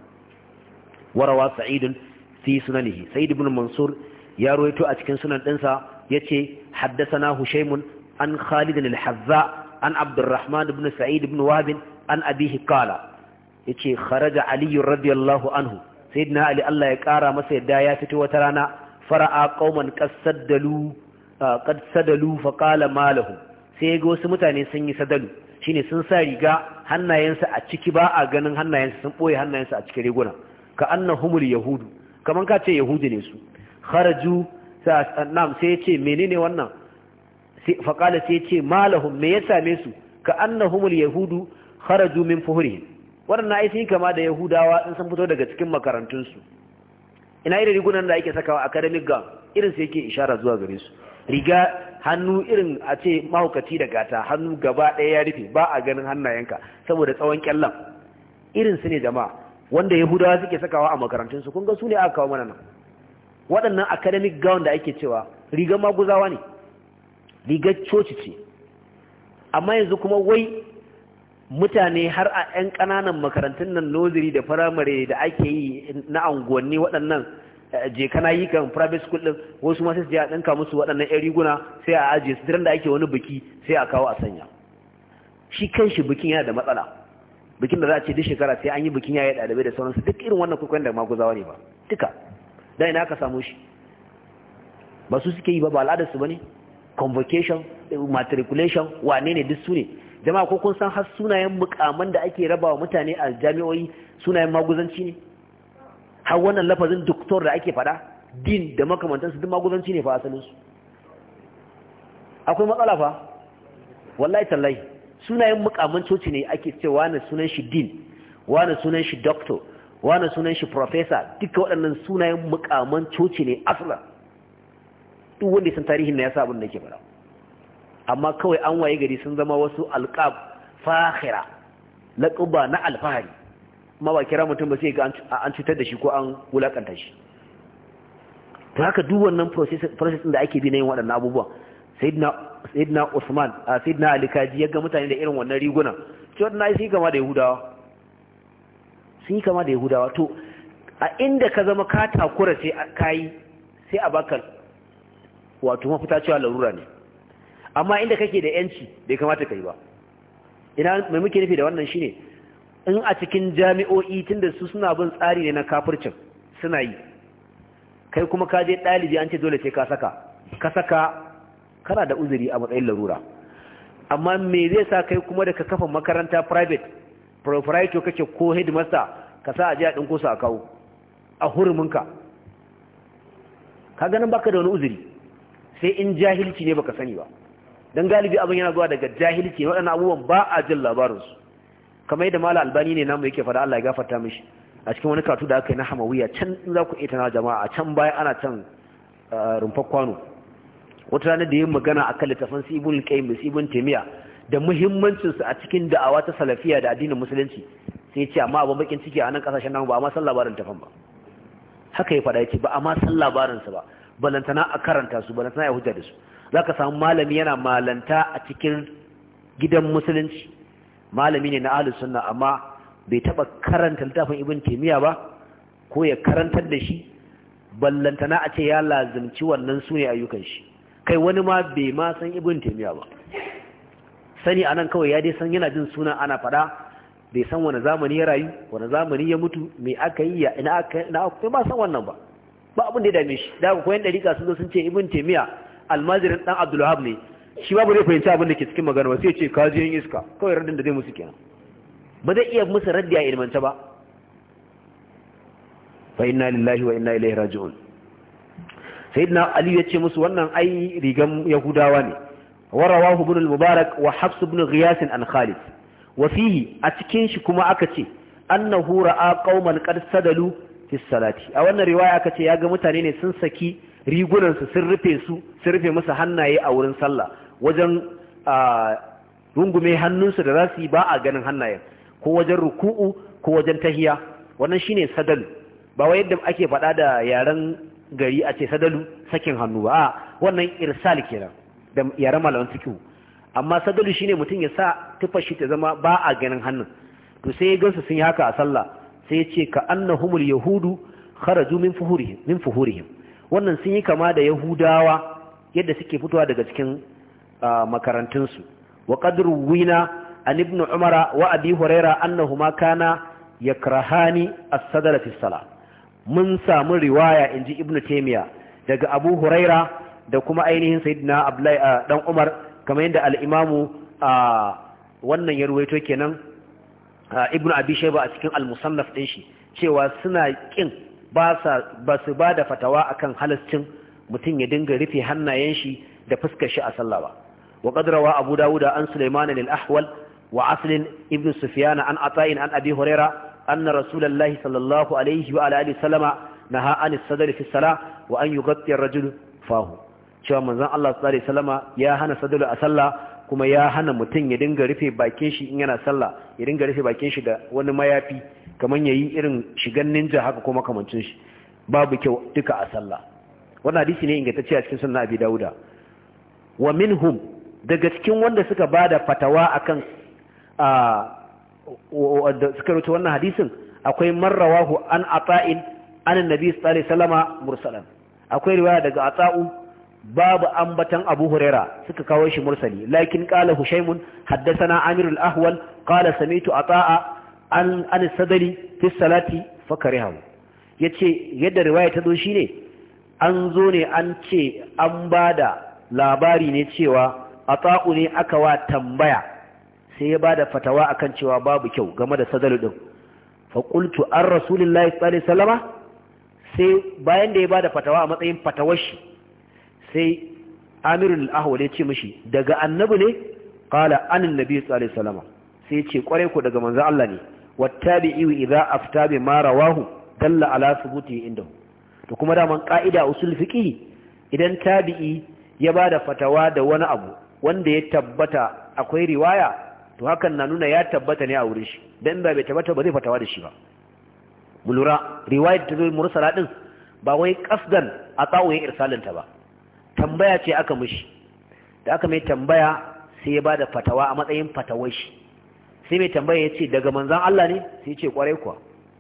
S1: warawa Sa'id fi sunanihi Sa'id ibn Mansur ya ruwaito a cikin sunan dinsa yace haddathana Hushaymun an Khalid al-Hazza an Abdurrahman ibn Sa'id ibn Wahb an abihi qala yace kharaja Ali radiyallahu anhu sayyidina Ali Allah ya kara masa yadda ya fito wata rana fara'a qauman qasadalu qad sadalu fa qala ma sai ga wasu mutane sun yi sadalu shine sun sa riga hannayensu a ciki ba a ganin hannayensu sun ɓoye hannayensu a cikin riguna ka annahumul yahudu kaman ka ce yahudu ne su kharaju nam sai yace menene wannan faqala sai yace malahum me ya same su ka annahumul yahudu kharaju min fuhurihim wannan ai sai kama da yahudawa in sun fito daga cikin makarantunsu ina irin rigunan da ake sakawa academic gown irin su yake ishara zuwa gare su riga hannu irin a ce mahaukaci da gata hannu gaba ɗaya ya rufe ba a ganin hannayenka saboda tsawon kyallan irin su ne jama'a wanda yahudawa suke sakawa a makarantunsu kun ga su ne aka kawo mana nan waɗannan academic gown da ake cewa rigar maguzawa ne rigar coci ce amma yanzu kuma wai mutane har a 'yan ƙananan makarantun nan noziri da firamare da ake yi na unguwanni waɗannan Eh, je kana yi kan private school din wasu ma sai je a dinka musu waɗannan ƴan riguna sai a ajiye su da ake wani biki sai a kawo a sanya shi kan shi bikin yana da matsala bikin da za a ce duk shekara sai an yi bikin yayi ɗalibai da sauransu duk irin wannan kwaikwayon da maguzawa ne ba duka Dan ina ka samu shi ba su suke yi ba ba al'adar su ne convocation matriculation wane ne duk su ne jama'a ko kun san har sunayen mukaman da ake rabawa mutane a jami'o'i sunayen maguzanci ne har wannan lafazin doktor da ake fada din da makamantansu duk magudanci ne fa asalinsu akwai matsala fa wallahi tallahi sunayen mukamman coci ne ake cewa wane sunan shi din wani sunan shi doktor wani sunan shi professor duka waɗannan sunayen mukamman coci ne asala duk wanda san tarihin na ya sa abin da ke fara amma kawai an waye gari sun zama wasu alqab fahira laqaba na alfahari ma ba kira mutum ba sai ga an cutar da shi ko an wulakanta shi to haka duk wannan process da ake bi na yin waɗannan abubuwan sayyidina Usman a sayyidina Ali kaji ya ga mutane da irin wannan riguna ce sun yi kama da Yahudawa yi kama da Yahudawa to a inda ka zama ka takura sai kai sai a baka wato mafita cewa larura ne amma inda kake da yanci bai kamata ka yi ba ina mai muke nufi da wannan shine in a cikin jami'o'i tunda su suna bin tsari ne na kafircin suna yi kai kuma ka je ɗalibi an ce dole sai ka saka ka saka kana da uzuri a matsayin larura amma me zai sa kai kuma da ka kafa makaranta private proprietary kake ko headmaster ka sa a ji a ɗinko a kawo a huruminka ka ganin baka da wani uzuri sai in jahilci ne baka sani ba don galibi abin yana zuwa daga jahilci waɗannan abubuwan ba a jin labarinsu kamar yadda mala albani ne namu yake fada Allah ya gafarta mishi a cikin wani katu da aka yi na hamawiya can za ku ita na jama'a a can baya ana can rumfar kwano wata rana da yin magana a littafin su ibn qayyim mai ibn taymiya da muhimmancin su a cikin da'awa ta salafiya da addinin musulunci sai ce amma abin bakin ciki a nan kasashen namu ba amma san labarin tafan ba haka ya fada ce ba amma san labarin sa ba balantana a karanta su balantana ya hujja da su ka samu malami yana malanta a cikin gidan musulunci malami ne na ahlus sunna amma bai taba karanta littafin ibn taymiya ba ko ya karantar da shi ballantana a ce ya lazimci wannan sune ayyukan shi kai wani ma bai ma san ibn taymiya ba sani anan kawai ya dai san yana jin suna ana fada bai san wani zamani ya rayu wani zamani ya mutu me aka yi ya ina aka ina aka ba san wannan ba ba abin da ya dame shi da ko yan dariƙa sun zo sun ce ibn taymiya almajirin dan abdulwahab ne shi ba zai fahimci abin da ke cikin magana ba sai ce ka iska kawai raddin da zai musu kenan ba zai iya musu raddi a ilmanta ba fa inna lillahi wa inna ilaihi raji'un sayyidina ali ya ce musu wannan ai rigan yahudawa ne rawahu ibn mubarak wa hafs ibn ghiyas an khalid wa a cikin shi kuma aka ce annahu ra'a qauman qad sadalu fi salati a wannan riwaya aka ce ya ga mutane ne sun saki rigunansu sun rufe su sun rufe musu hannaye a wurin sallah wajen rungume hannunsu da za su yi ba a ganin hannayen ko wajen ruku'u ko wajen tahiya wannan shine sadalu ba wai yadda ake faɗa da yaren gari a ce sadalu sakin hannu ba a wannan irsal kenan da yaren malaman fikihu amma sadalu shine mutum ya sa tufashi ta zama ba a ganin hannun to sai ya gansu sun yi haka a sallah sai ya ce ka annahumul yahudu kharaju min fuhurihim min fuhurihim wannan sun yi kama da yahudawa yadda suke fitowa daga cikin makarantunsu wa qadru wina an ibn umara wa abi huraira annahuma kana yakrahani as-sadra fi mun samu riwaya inji ibn taymiya daga abu huraira da kuma ainihin sayyidina abdullahi dan umar kamar yadda al'imamu imamu wannan ya ruwaito kenan ibn abi shayba a cikin al-musannaf din shi cewa suna kin ba su ba da fatawa akan halascin mutum ya dinga rufe hannayen shi da fuskar shi a sallah ba وقد روى أبو داود عن سليمان للأحول وعسل ابن سفيان عن عطاء عن أبي هريرة أن رسول الله صلى الله عليه وعلى آله وسلم نهى عن الصدر في الصلاة وأن يغطي الرجل فاه cewa manzon Allah sallallahu alaihi wasallama ya hana sadulu a sallah kuma ya hana mutum ya dinga rufe bakin shi in yana sallah ya dinga rufe bakin shi da wani mayafi kaman yayi irin shigan ninja haka ko makamancin shi babu kyau duka a sallah wannan hadisi ne ingantacce a cikin sunan Abi Dawuda wa minhum daga cikin wanda suka ba da fatawa akan da suka rute wannan hadisin akwai marrawahu an ata'in an nabi tsari Salama mursalan akwai riwaya daga ata'u babu ambatan abu huraira suka kawo shi mursali lakin kala Hushaimun, Haddasana na amirul ahwal kala sami'tu ata'a an an sadali fi salati ya yace yadda riwaya ta zo shine an zo ne an ce an ba da labari ne cewa ata'u ne aka wa tambaya sai ya bada fatawa akan cewa babu kyau game da sadal din fa qultu ar rasulillahi sallallahu alaihi wasallama sai bayan da ya bada fatawa a matsayin fatawar shi sai amirul ahwal ya ce mishi daga annabi ne qala anan nabi sallallahu alaihi wasallama sai ya ce kware ku daga manzo Allah ne wattabi'u idza afta bi ma rawahu dalla ala thubuti indahu to kuma da man qaida usul fiqi idan tabi'i ya bada fatawa da wani abu wanda ya tabbata akwai riwaya to hakan na nuna ya tabbata ne a wurin shi dan ba bai tabbata ba zai fatawa da shi ba mu lura riwayar ta zo mursala din ba wai kasdan a tsawon irsalinta ba tambaya ce aka mishi da aka mai tambaya sai ya bada fatawa a matsayin fatawar shi sai mai tambaya ya ce daga manzan Allah ne sai ce kwarai kuwa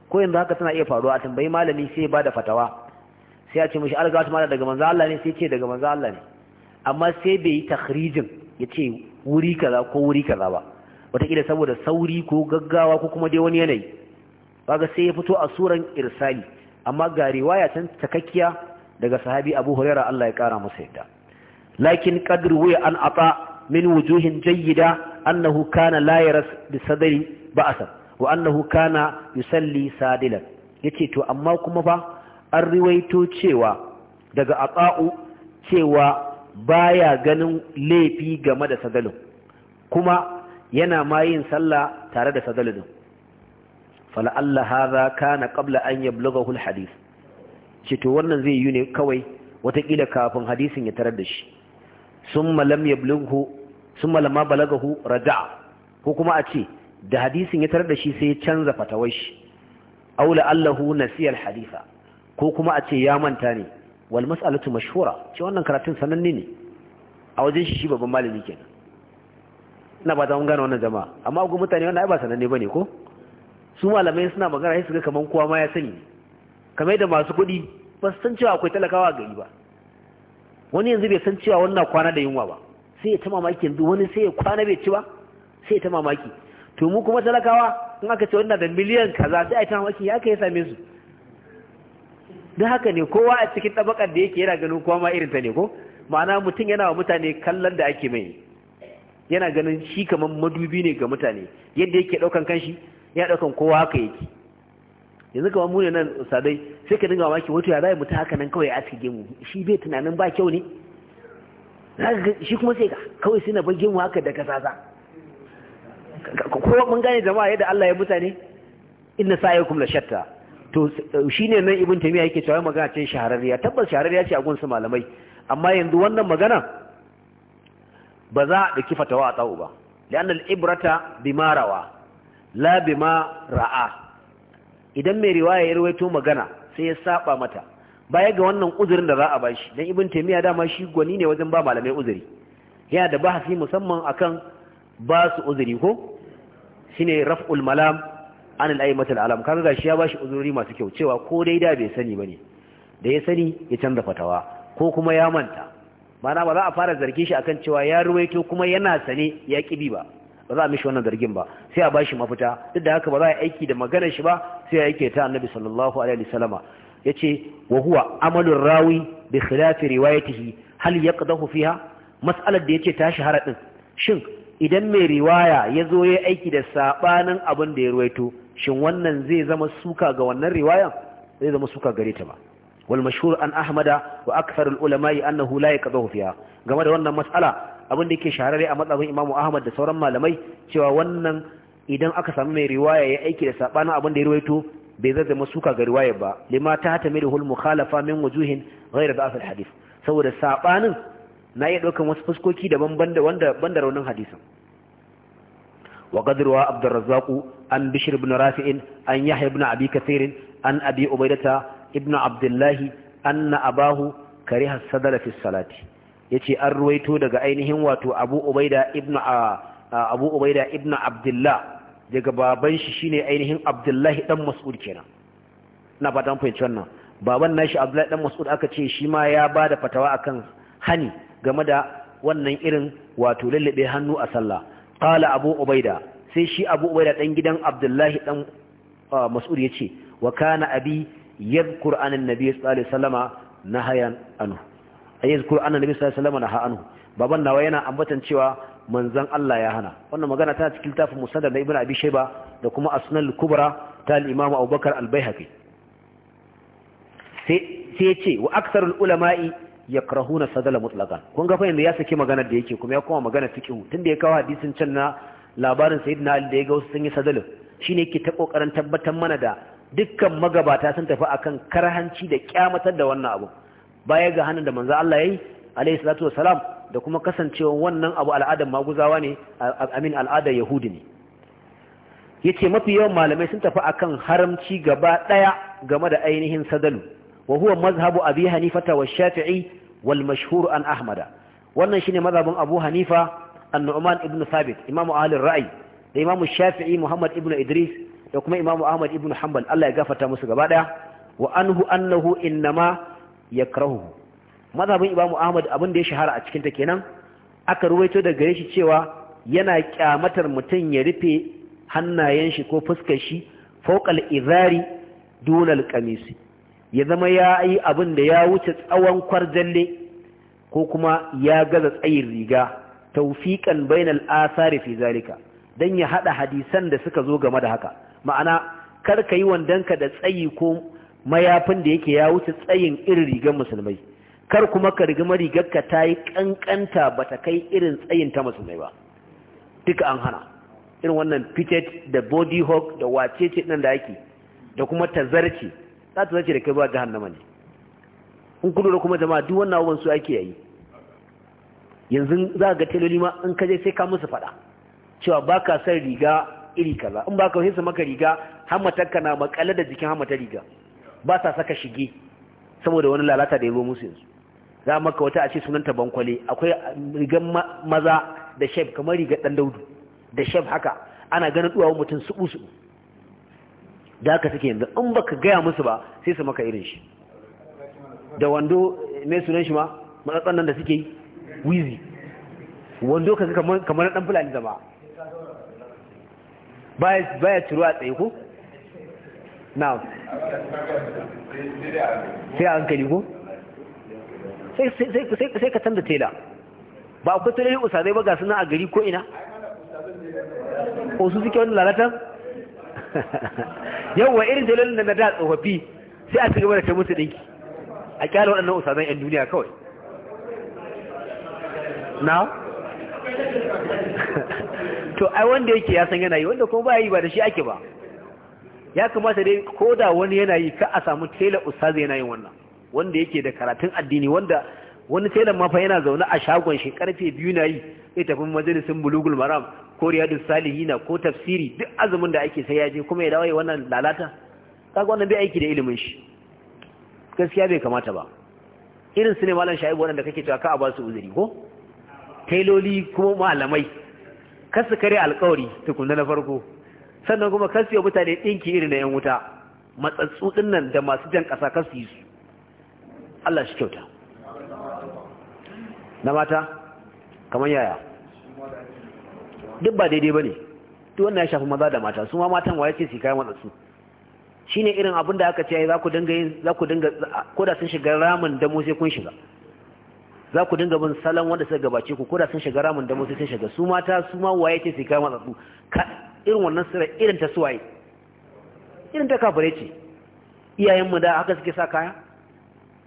S1: ko yanzu haka tana iya faruwa a tambayi malami sai ya bada fatawa sai ya ce mishi algawat mala daga manzan Allah ne sai ce daga manzan Allah ne amma sai bai yi takhrijin ya ce wuri kaza ko wuri kaza ba wataƙila saboda sauri ko gaggawa ko kuma dai wani yanayi kaga sai ya fito a suran irsali amma ga riwaya tan takakkiya daga sahabi Abu Hurairah Allah ya kara masa yadda lakin qadru wa an ata min wujuhin jayyida annahu kana la yaras bi sadri ba'asa wa annahu kana yusalli sadilan yace to amma kuma ba an riwaito cewa daga aqa'u cewa baya ganin laifi game da sadalin kuma yana ma yin sallah tare da sadalin fala'alla haza kana qabla an yablughahu alhadith ce to wannan zai yi ne kawai watakila kafin hadisin ya tarar da shi summa lam yablughu summa lam balagahu raja'a ko kuma a ce da hadisin ya tarar da shi sai ya canza fatawar shi aula allahu nasiya alhaditha ko kuma a ce ya manta ne wal mas'alatu mashhura ce wannan karatun sananne ne a wajen shi babban malami kenan ina ba ta mun gane wannan jama'a amma ga mutane wannan ai ba sananne bane ko su malamai suna magana sai su ga kaman kowa ma ya sani kamar da masu kuɗi ba su san cewa akwai talakawa a gari ba wani yanzu bai san cewa wannan kwana da yunwa ba sai ya ta mamaki yanzu wani sai ya kwana bai ci ba sai ya ta mamaki to mu kuma talakawa in aka ce wannan da miliyan kaza sai a ta mamaki ya kai same su don haka ne kowa a cikin tabakar da yake yana ganin kowa ma irin ta ne ko ma'ana mutum yana wa mutane kallon da ake mai yana ganin shi kamar madubi ne ga mutane yadda yake daukan kanshi ya daukan kowa haka yake yanzu kamar mu ne nan sadai sai ka dinga maki wato ya zai mutu haka nan kawai a cikin gemu shi bai tunanin ba kyau ne shi kuma sai ka kawai sai na bar gemu haka da kasasa kowa mun gane jama'a yadda Allah ya mutane inna sa'yakum la shatta to shine nan ibin tamiya yake cewa magana ce shahararriya tabbas shahararriya ce a gunsu malamai amma yanzu wannan magana ba za a dauki fatawa a tsawo ba li'anna ibrata bima rawa la bima ra'a idan mai riwaya ya rawaito magana sai ya saba mata baya ga wannan uzurin da za a bashi dan ibin tamiya dama shi gwani ne wajen ba malamai uzuri yana da bahasi musamman akan ba su uzuri ko shine raf'ul malam an al'aimatul alam kaga gashi ya bashi uzuri masu kyau cewa ko dai da bai sani ba ne, da ya sani ya canza fatawa ko kuma ya manta mana ba za a fara zargin shi akan cewa ya ruwaito kuma yana sane ya kibi ba ba za a mishi wannan zargin ba sai a bashi mafita duk da haka ba za a aiki da magana shi ba sai a yake ta annabi sallallahu alaihi wasallama yace wa huwa amalur rawi bi khilafi riwayatihi hal yaqdahu fiha mas'alar da yace ta shahara din shin idan mai riwaya ya zo ya aiki da sabanin abin da ya ruwaito shin wannan zai zama suka ga wannan riwaya zai zama suka gare ta ba wal mashhur an ahmada wa akthar al ulama annahu la yaqdahu fiha game da wannan mas'ala abin da yake shahararre a matsayin Imam Ahmad da sauran malamai cewa wannan idan aka samu mai riwaya ya aiki da sabanin abin da ya ruwaito bai zai zama suka ga riwaya ba lima ta hata mai hul mukhalafa min wujuhin ghayr da'af al hadith saboda sabanin na iya daukan wasu fuskoki daban banda wanda banda raunin hadisin wa qadruwa Abdurrazzaq an bishir ibn rafi'in an yahya ibn abi kathirin an abi ubaidata ibn abdullahi anna abahu kariha sadala fi salati yace an ruwaito daga ainihin wato abu ubaida ibn abu daga baban shi shine ainihin abdullahi dan mas'ud kenan ina fatan fahimci wannan baban nashi abdullahi dan mas'ud aka ce shi ma ya bada fatawa akan hani game da wannan irin wato lallabe hannu a sallah qala abu ubaida sai shi abu da dan gidan abdullahi dan mas'ud ya wa kana abi yadhkur an annabi sallallahu alaihi wasallama nahayan anhu ayazkur an annabi sallallahu alaihi wasallama baban nawa yana ambatan cewa manzon Allah ya hana wannan magana ta cikin tafin musaddad na ibnu abi shayba da kuma asnal kubra ta al-imam abubakar al-baihaqi sai sai ce wa aksar ulama'i yakrahuna sadala mutlaqan kun ga fa yanda ya saki maganar da yake kuma ya koma magana fiqhu tunda ya kawo hadisin can na labarin sayyidina ali da ya ga wasu sun yi sadalin shine yake ta kokarin tabbatar mana da dukkan magabata sun tafi akan karhanci da kyamatar da wannan abu baya ga hannun da manzo Allah yayi alayhi salatu wassalam da kuma kasancewa wannan abu al'adar maguzawa ne amin al'adar yahudi ne yace mafi yawan malamai sun tafi akan haramci gaba daya game da ainihin sadalu wa huwa mazhabu abi hanifata wa shafi'i wal mashhur an ahmada wannan shine mazhabin abu hanifa annu'man ibn sabit imamu ahlin ra'ayi da imamu shafi'i muhammad ibn idris da kuma imamu ahmad ibn Hambal. Allah ya gafarta musu gaba daya wa anhu annahu innama yakrahu mazhabin imamu ahmad abin da ya shahara a cikin kenan aka ruwaito da gare shi cewa yana kyamatar mutum ya rufe hannayen shi ko fuskar shi fawqal izari dunal qamisi ya zama ya yi abin da ya wuce tsawon kwarjalle ko kuma ya gaza tsayin riga tawfiqan bainal asari fi zalika dan ya haɗa hadisan da suka zo game da haka ma'ana kar ka yi ka da tsayi ko mayafin da yake ya wuce tsayin irin rigar musulmai kar kuma ka rigima rigarka ta yi kankanta ba ta kai irin tsayin ta musulmai ba duka an hana irin wannan pitet da body hog da wacece nan da ake da kuma tazarce za ta zarce da kai ba jahannama ne in kudu da kuma jama'a duk wannan abubuwan su ake yayi yanzu za ga teloli ma in ka je sai ka musu faɗa cewa ba ka san riga iri kaza in ba ka wahin su maka riga ka na makale da jikin hammatar riga ba sa saka shige saboda wani lalata da ya zo musu yanzu za maka wata a ce sunanta bankwale akwai rigan maza da shef kamar rigar ɗan daudu da shef haka ana ganin duwawun mutum su suɓu da haka suke yanzu in baka gaya musu ba sai su maka irin shi da wando mai sunan shi ma matsatsan nan da suke yi wizi wando ka kamar kamar dan fulani zama baya baya ciro a tsaye ko now sai an hankali ko sai ka canza tela ba akwai tunani usazai ba ga suna a gari ko ina ko su suke wannan lalata yawa irin telolin da na da tsofaffi sai a cigaba da ta musu dinki a kyala waɗannan usazan 'yan duniya kawai na to ai wanda yake ya san yana yi wanda kuma ba yi ba da shi ake ba ya kamata dai ko da wani yana yi ka a samu tela ustazi yana yin wannan wanda yake da karatun addini wanda wani tela mafa yana zaune a shagon shi karfe biyu na yi zai tafi majalisin bulugul maram ko riyadu salihina ko tafsiri duk azumin da ake sai ya je kuma ya dawo wannan lalata kaga wannan bai aiki da ilimin shi gaskiya bai kamata ba irin su ne malam shaibu da kake cewa ka a ba su uzuri ko tailoli kuma malamai kar su kare alkawari tukunna na farko sannan kuma kasu yau mutane ɗinki irin na yan wuta matsatsu dinnan da masu jan ƙasa kar su yi su Allah shi kyauta na mata kamar yaya duk ba daidai ba ne duk wannan ya shafi maza da mata su ma matan waye ce su kayan matsatsu ne irin abin da aka ce za ku dinga yin za ku dinga ko da sun shiga ramin damo sai kun shiga za ku dinga bin salon wanda suka gabace ku koda sun shiga ramin da musu sun shiga su mata su ma waye ce sai kama tsatsu ka irin wannan sura irin ta suwaye irin ta kafare ce iyayen mu da haka suke sa kaya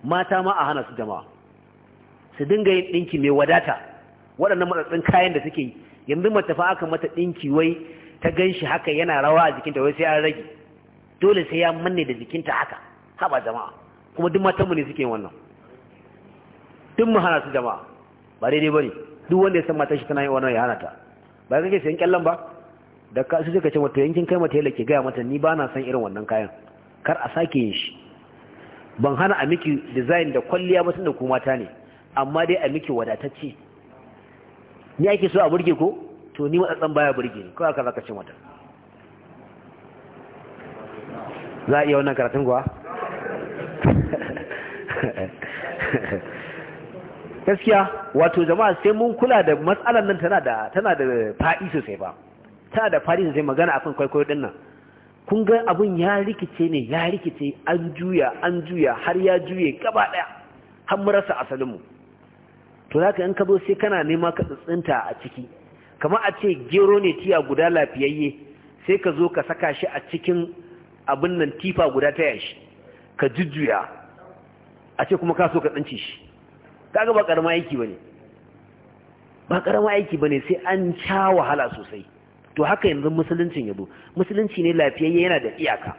S1: mata ma a hana su jama'a su dinga yin dinki mai wadata waɗannan matsatsin kayan da suke yi yanzu mata fa aka mata dinki wai ta ganshi haka yana rawa a jikinta wai sai an rage dole sai ya manne da jikinta haka haba jama'a kuma duk matanmu ne suke wannan duk mu hana su jama'a ba daidai bane duk wanda ya san matar shi tana yi wannan ya hana ta ba kake sayan kyallan ba da ka su suka ce mata yankin kai mata yalake gaya mata ni ba na san irin wannan kayan kar a sake yin shi ban hana a miki design da kwalliya ba tunda ku mata ne amma dai a miki wadatacce ni ake so a burge ko to ni matsatsan baya burge ni kawai ka ka ce mata za a iya wannan karatun kuwa gaskiya wato jama'a sai mun kula da matsalar nan tana da tana da faɗi sosai ba tana da faɗi sosai magana akan kwaikwayo din nan kun ga abun ya rikice ne ya rikice an juya an juya har ya juye gaba ɗaya har mu rasa asalinmu to zaka in ka zo sai kana nema ka tsintsinta a ciki kamar a ce gero ne tiya guda lafiyayye sai ka zo ka saka shi a cikin abin nan tifa guda ta yashi ka jujjuya a ce kuma ka so ka tsinci shi kaga ba karama aiki bane ba karama aiki bane sai an ca wahala sosai to haka yanzu musuluncin yabo musulunci ne lafiyayye yana da iyaka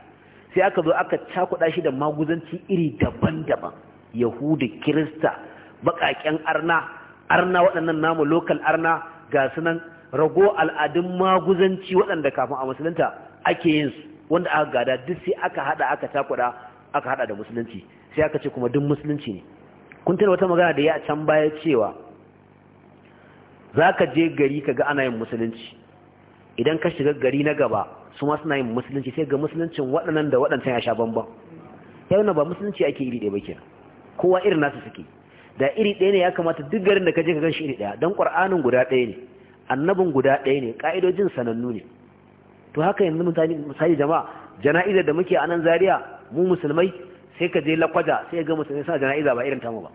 S1: sai aka zo aka cakuɗa shi da maguzanci iri daban-daban Yahudi, kirista baƙaƙen arna arna waɗannan namu lokal arna ga sunan rago al'adun maguzanci waɗanda kafin a musulunta ake yin su wanda aka gada duk sai aka haɗa aka cakuɗa aka haɗa da musulunci sai aka ce kuma duk musulunci ne kun tuna wata magana da ya can baya cewa za ka je gari ka ga ana yin musulunci idan ka shiga gari na gaba su ma suna yin musulunci sai ga musuluncin waɗannan da waɗancan ya sha bamban yau na ba musulunci ake iri ɗaya ba kowa irin nasu suke da iri ɗaya ne ya kamata duk garin da ka je ka gan shi iri ɗaya don ƙwar'anin guda ɗaya ne annabin guda ɗaya ne ƙa'idojin sanannu ne to haka yanzu misali jama'a jana'izar da muke a nan zaria mu musulmai sai ka je lakwaja sai ga musulmai suna jana'iza ba irin tamu ba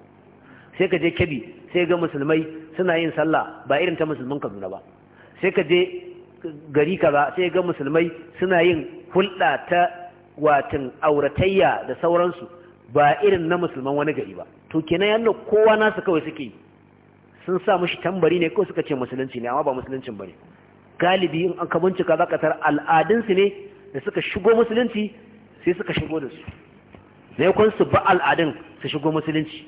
S1: sai ka je kebi sai ga musulmai suna yin sallah ba irin ta musulman kaduna ba sai ka je gari kaza sai ga musulmai suna yin hulɗa ta watan auratayya da sauransu ba irin na musulman wani gari ba to kenan yana kowa nasu kawai suke sun sa mushi tambari ne ko suka ce musulunci ne amma ba musuluncin bane galibi in an ka bincika za ka tar al'adunsu ne da suka shigo musulunci sai suka shigo da su maimakon su ba al'adun su shigo musulunci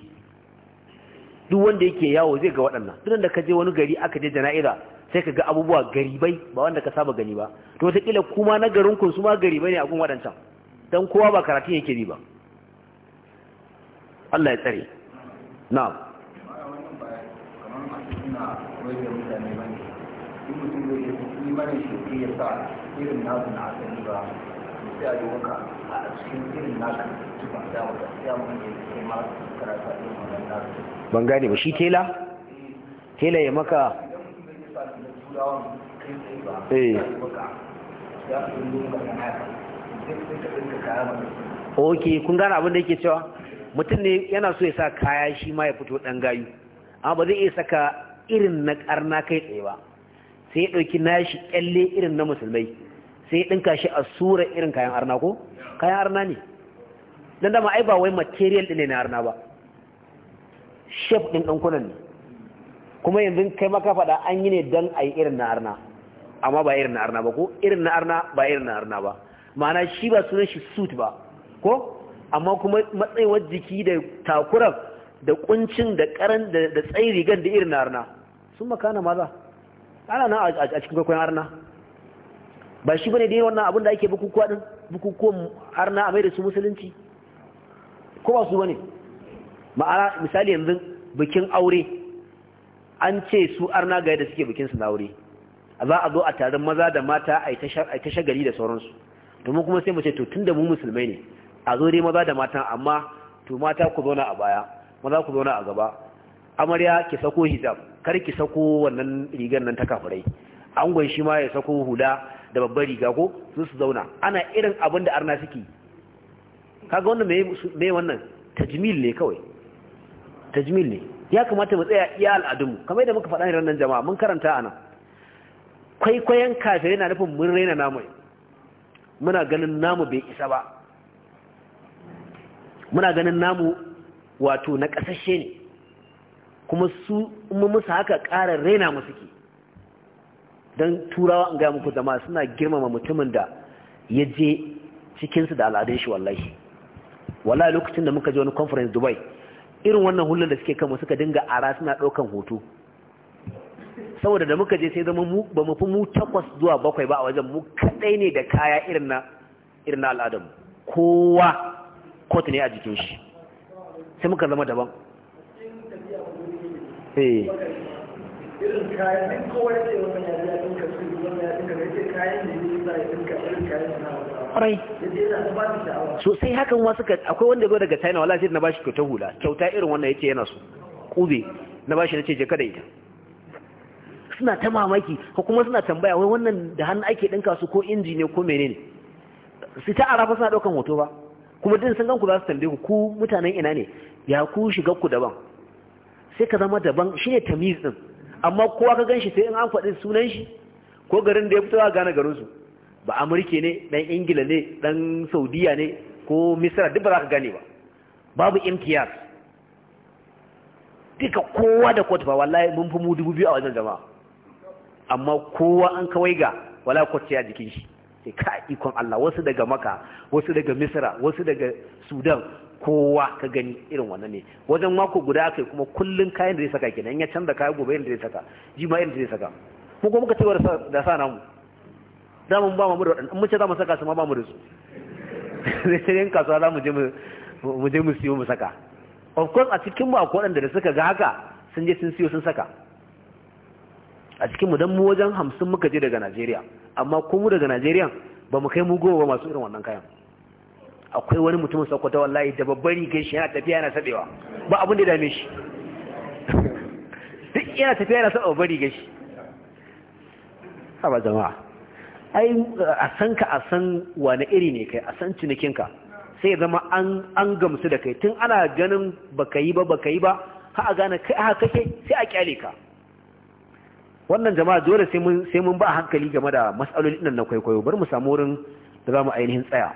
S1: duk wanda yake yawo zai ga waɗannan duk da ka je wani gari aka je jana'iza sai ka ga abubuwa garibai ba wanda ka saba gani ba to wataƙila kuma na garin kun su ma garibai ne a gun waɗancan don kowa ba karatun yake bi ba Allah ya tsare na'am na ba ban gane ba shi tela tela ya maka eh. ok kun gane abin da yake cewa mutum ne yana so ya sa kaya shi ma ya fito dan gayu amma ba zai iya saka irin na karna kai tsaye ba sai ya ɗauki nashi kyalle irin na musulmai sai ya ɗinka shi a tsura irin kayan arna ko kayan arna ne dan dama ai ba wai material din ne na harna ba shape din kunan ne kuma yanzu kai maka faɗa an yi ne don a yi irin na harna amma ba irin na harna ba ko irin na harna ba irin na harna ba ma'ana shi ba sunan shi suit ba ko amma kuma matsayin jiki da takuran da kuncin da karan da tsayin rigan da irin na harna sun makana maza ana na a cikin kwaikwayon harna ba shi bane dai wannan abin da ake bukukuwa din bukukuwan harna a mai da su musulunci ko ba su bane ma'ana misali yanzu bikin aure an ce su arna ga yadda suke bikin su na aure za a zo a taron maza da mata a ta shagali da sauransu domin kuma sai mu ce to da mu musulmai ne a zo dai maza da mata amma to mata ku zauna a baya maza ku zauna a gaba amarya ki sako hijab kar ki sako wannan rigar nan ta kafirai angon shi ma ya sako hula da babbar riga ko su su zauna ana irin abin da arna suke kaga wannan me wannan tajmil ne kawai tajmil ne ya kamata mu tsaya iya al'adunmu kamar yadda muka faɗa ne ranar jama'a mun karanta ana kwaikwayon kafirai na nufin mun raina namu muna ganin namu bai isa ba muna ganin namu wato na ƙasashe ne kuma su mu musu haka ƙara raina mu suke don turawa in gaya muku zama suna girmama mutumin da ya je cikinsu da al'adun shi wallahi wala lokacin da muka je wani conference dubai irin wannan hullun da suke kama suka dinga ara suna ɗaukan hoto saboda da muka je sai zama mu ba mu fi mu takwas zuwa bakwai ba a wajen mu kaɗai ne da kaya irin na irin na kowa kotu ne a jikin shi sai muka zama daban eh kayan kwarai sosai hakan wasu ka akwai wanda zo daga China wallahi na bashi kyauta hula kyauta irin wannan yace yana su kube na bashi nace je kada ita suna ta mamaki ko kuma suna tambaya wai wannan da hannu ake dinka su ko inji ne ko menene su ta arafa suna daukan hoto ba kuma din sun ganku za su tambaye ku ku mutanen ina ne ya ku shiga ku daban sai ka zama daban shine tamiz din amma kowa ka shi sai in an faɗi sunan shi ko garin da ya fito a gane garin su ba amurke ne dan ingila ne dan saudiya ne ko Misira duk ba za ka gane ba babu imtiyaz duka kowa da kotu ba wallahi mun fi mu dubu biyu a wajen jama'a amma kowa an kawai ga wala kwace a jikin shi sai ka ikon Allah wasu daga maka wasu daga Misira, wasu daga sudan kowa ka gani irin wannan ne wajen mako guda kai kuma kullun kayan da zai saka kenan ya canza kayan gobe da zai saka jima da zai saka mu kuma muka ce da sa namu za mu ba mu da waɗanda mun ce za mu saka su ma ba mu da su sai yin kasuwa za mu je mu siyo mu saka of course a cikin mu akwai waɗanda da suka ga haka sun je sun siyo sun saka a cikin mu dan mu wajen hamsin muka je daga Najeriya amma ko mu daga Najeriya ba mu kai mu goma ba masu irin wannan kayan akwai wani mutumin sakwata wallahi da babbar rigar shi yana tafiya yana saɓewa ba abin da dame shi duk yana tafiya yana saɓa babbar rigar shi haba jama'a ai a san ka a san wani iri ne kai a san cinikinka sai zama an gamsu da kai tun ana ganin baka yi ba baka yi ba ha a gane kai ha kake sai a kyale ka wannan jama'a dole sai mun sai mun ba hankali game da mas'alolin nan na kwaikwayo bar mu samu wurin da zamu ainihin tsaya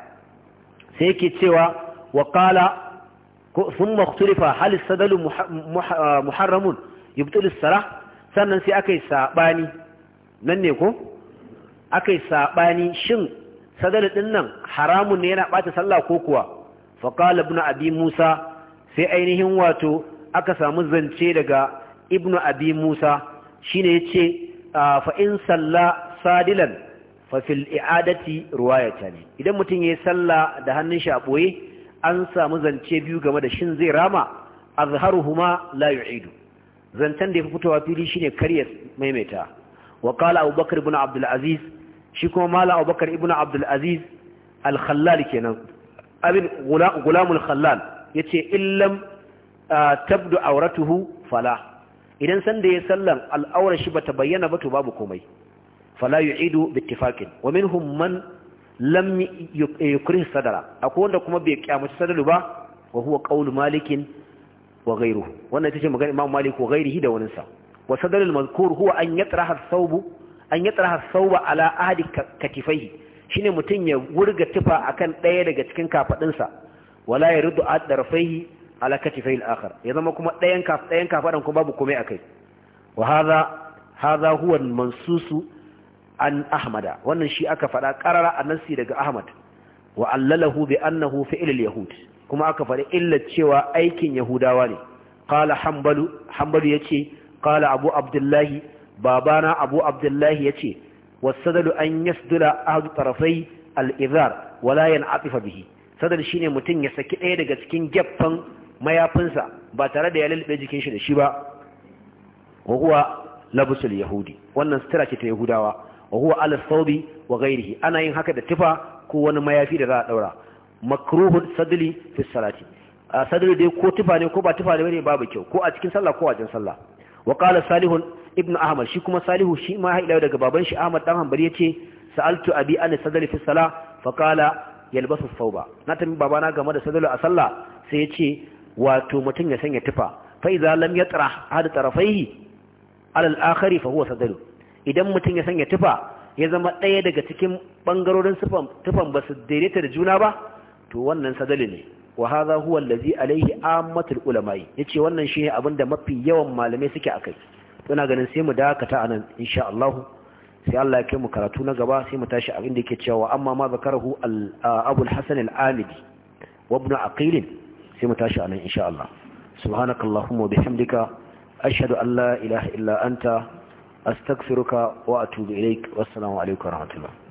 S1: sai yake cewa wa qala sun ikhtalifa hal sadalu muharramun yubtilu Sara, sannan sai yi saɓani, nan ne ko aka yi saɓani shin sadar ɗin nan haramun ne yana ɓata sallah ko kuwa faƙala ibn abi musa sai ainihin wato aka samu zance daga ibn abi musa shine ya ce fa in salla sadilan fa fil i'adati ruwayata ne idan mutum ya yi sallah da hannun shi a ɓoye an samu zance biyu game da shin zai rama azharuhuma la yu'idu zancen da ya fi fitowa fili shine karya maimaita wa abubakar ibn abdul shi kuma mala abubakar ibn abdul aziz al khallal kenan abin gulamul khallal yace illam tabdu auratuhu fala idan sanda ya sallan al'aurar shi bata bayyana ba to babu komai fala yu'idu bittifaqin wa minhum man lam yukrih sadara akwai wanda kuma bai kyamaci sadaru ba wa huwa qaulu malikin wa wannan ita ce magana imam malik wa ghayrihi da waninsa wa sadalul mazkur huwa an yatraha thawbu an ala ahadi katifaihi shine mutum ya wurga tufa akan ɗaya daga cikin kafadinsa wala yaridu adrafaihi ala katifaihi al-akhar ya zama kuma dayan kaf kuma babu komai akai wa hadha hadha huwa mansusu an ahmada wannan shi aka faɗa fada a annasi daga ahmad wa allalahu bi annahu fi'l al-yahud kuma aka fada illar cewa aikin yahudawa ne qala hanbalu ya ce. qala abu abdullahi babana abu abdullahi yace wasadalu an yasdula ahadu tarafai al-izar wala yan'atifa bihi sadal shine mutum ya saki ɗaya daga cikin geffan mayafinsa ba tare da ya lalbe jikin shi da shi ba wa huwa labsul yahudi wannan sutura ce ta yahudawa wa huwa ala thawbi wa Gairihi ana yin haka da tufa ko wani mayafi da za a daura makruhun sadli fi salati sadli dai ko tufa ne ko ba tufa ne babu kyau ko a cikin sallah ko a jin sallah wa Salihu salihun ibn ahmad shi kuma salihu shi ma haila daga baban shi ahmad dan hanbali yace sa'altu abi an sadali fi salah fa qala yalbasu thawba na tambi babana game da sadalu a sallah sai yace wato mutun ya sanya tufa fa idza lam yatra hada tarafaihi ala al-akhari fa huwa sadalu idan mutun ya sanya tufa ya zama ɗaya daga cikin bangarorin tufan ba su daidaita da juna ba to wannan sadali ne wa hadha huwa allazi alayhi al-Ulamai ya yace wannan shi ne abinda mafi yawan malamai suke akai ina ganin sai mu dakata anan insha Allah sai Allah ya kai mu karatu na gaba sai mu tashi abin da yake cewa amma ma zakarahu Abu al-Hasan al-Amidi wa ibn Aqil sai mu tashi anan insha Allah subhanakallahumma wa bihamdika ashhadu an la ilaha illa anta astaghfiruka wa atubu ilaik alaikum wa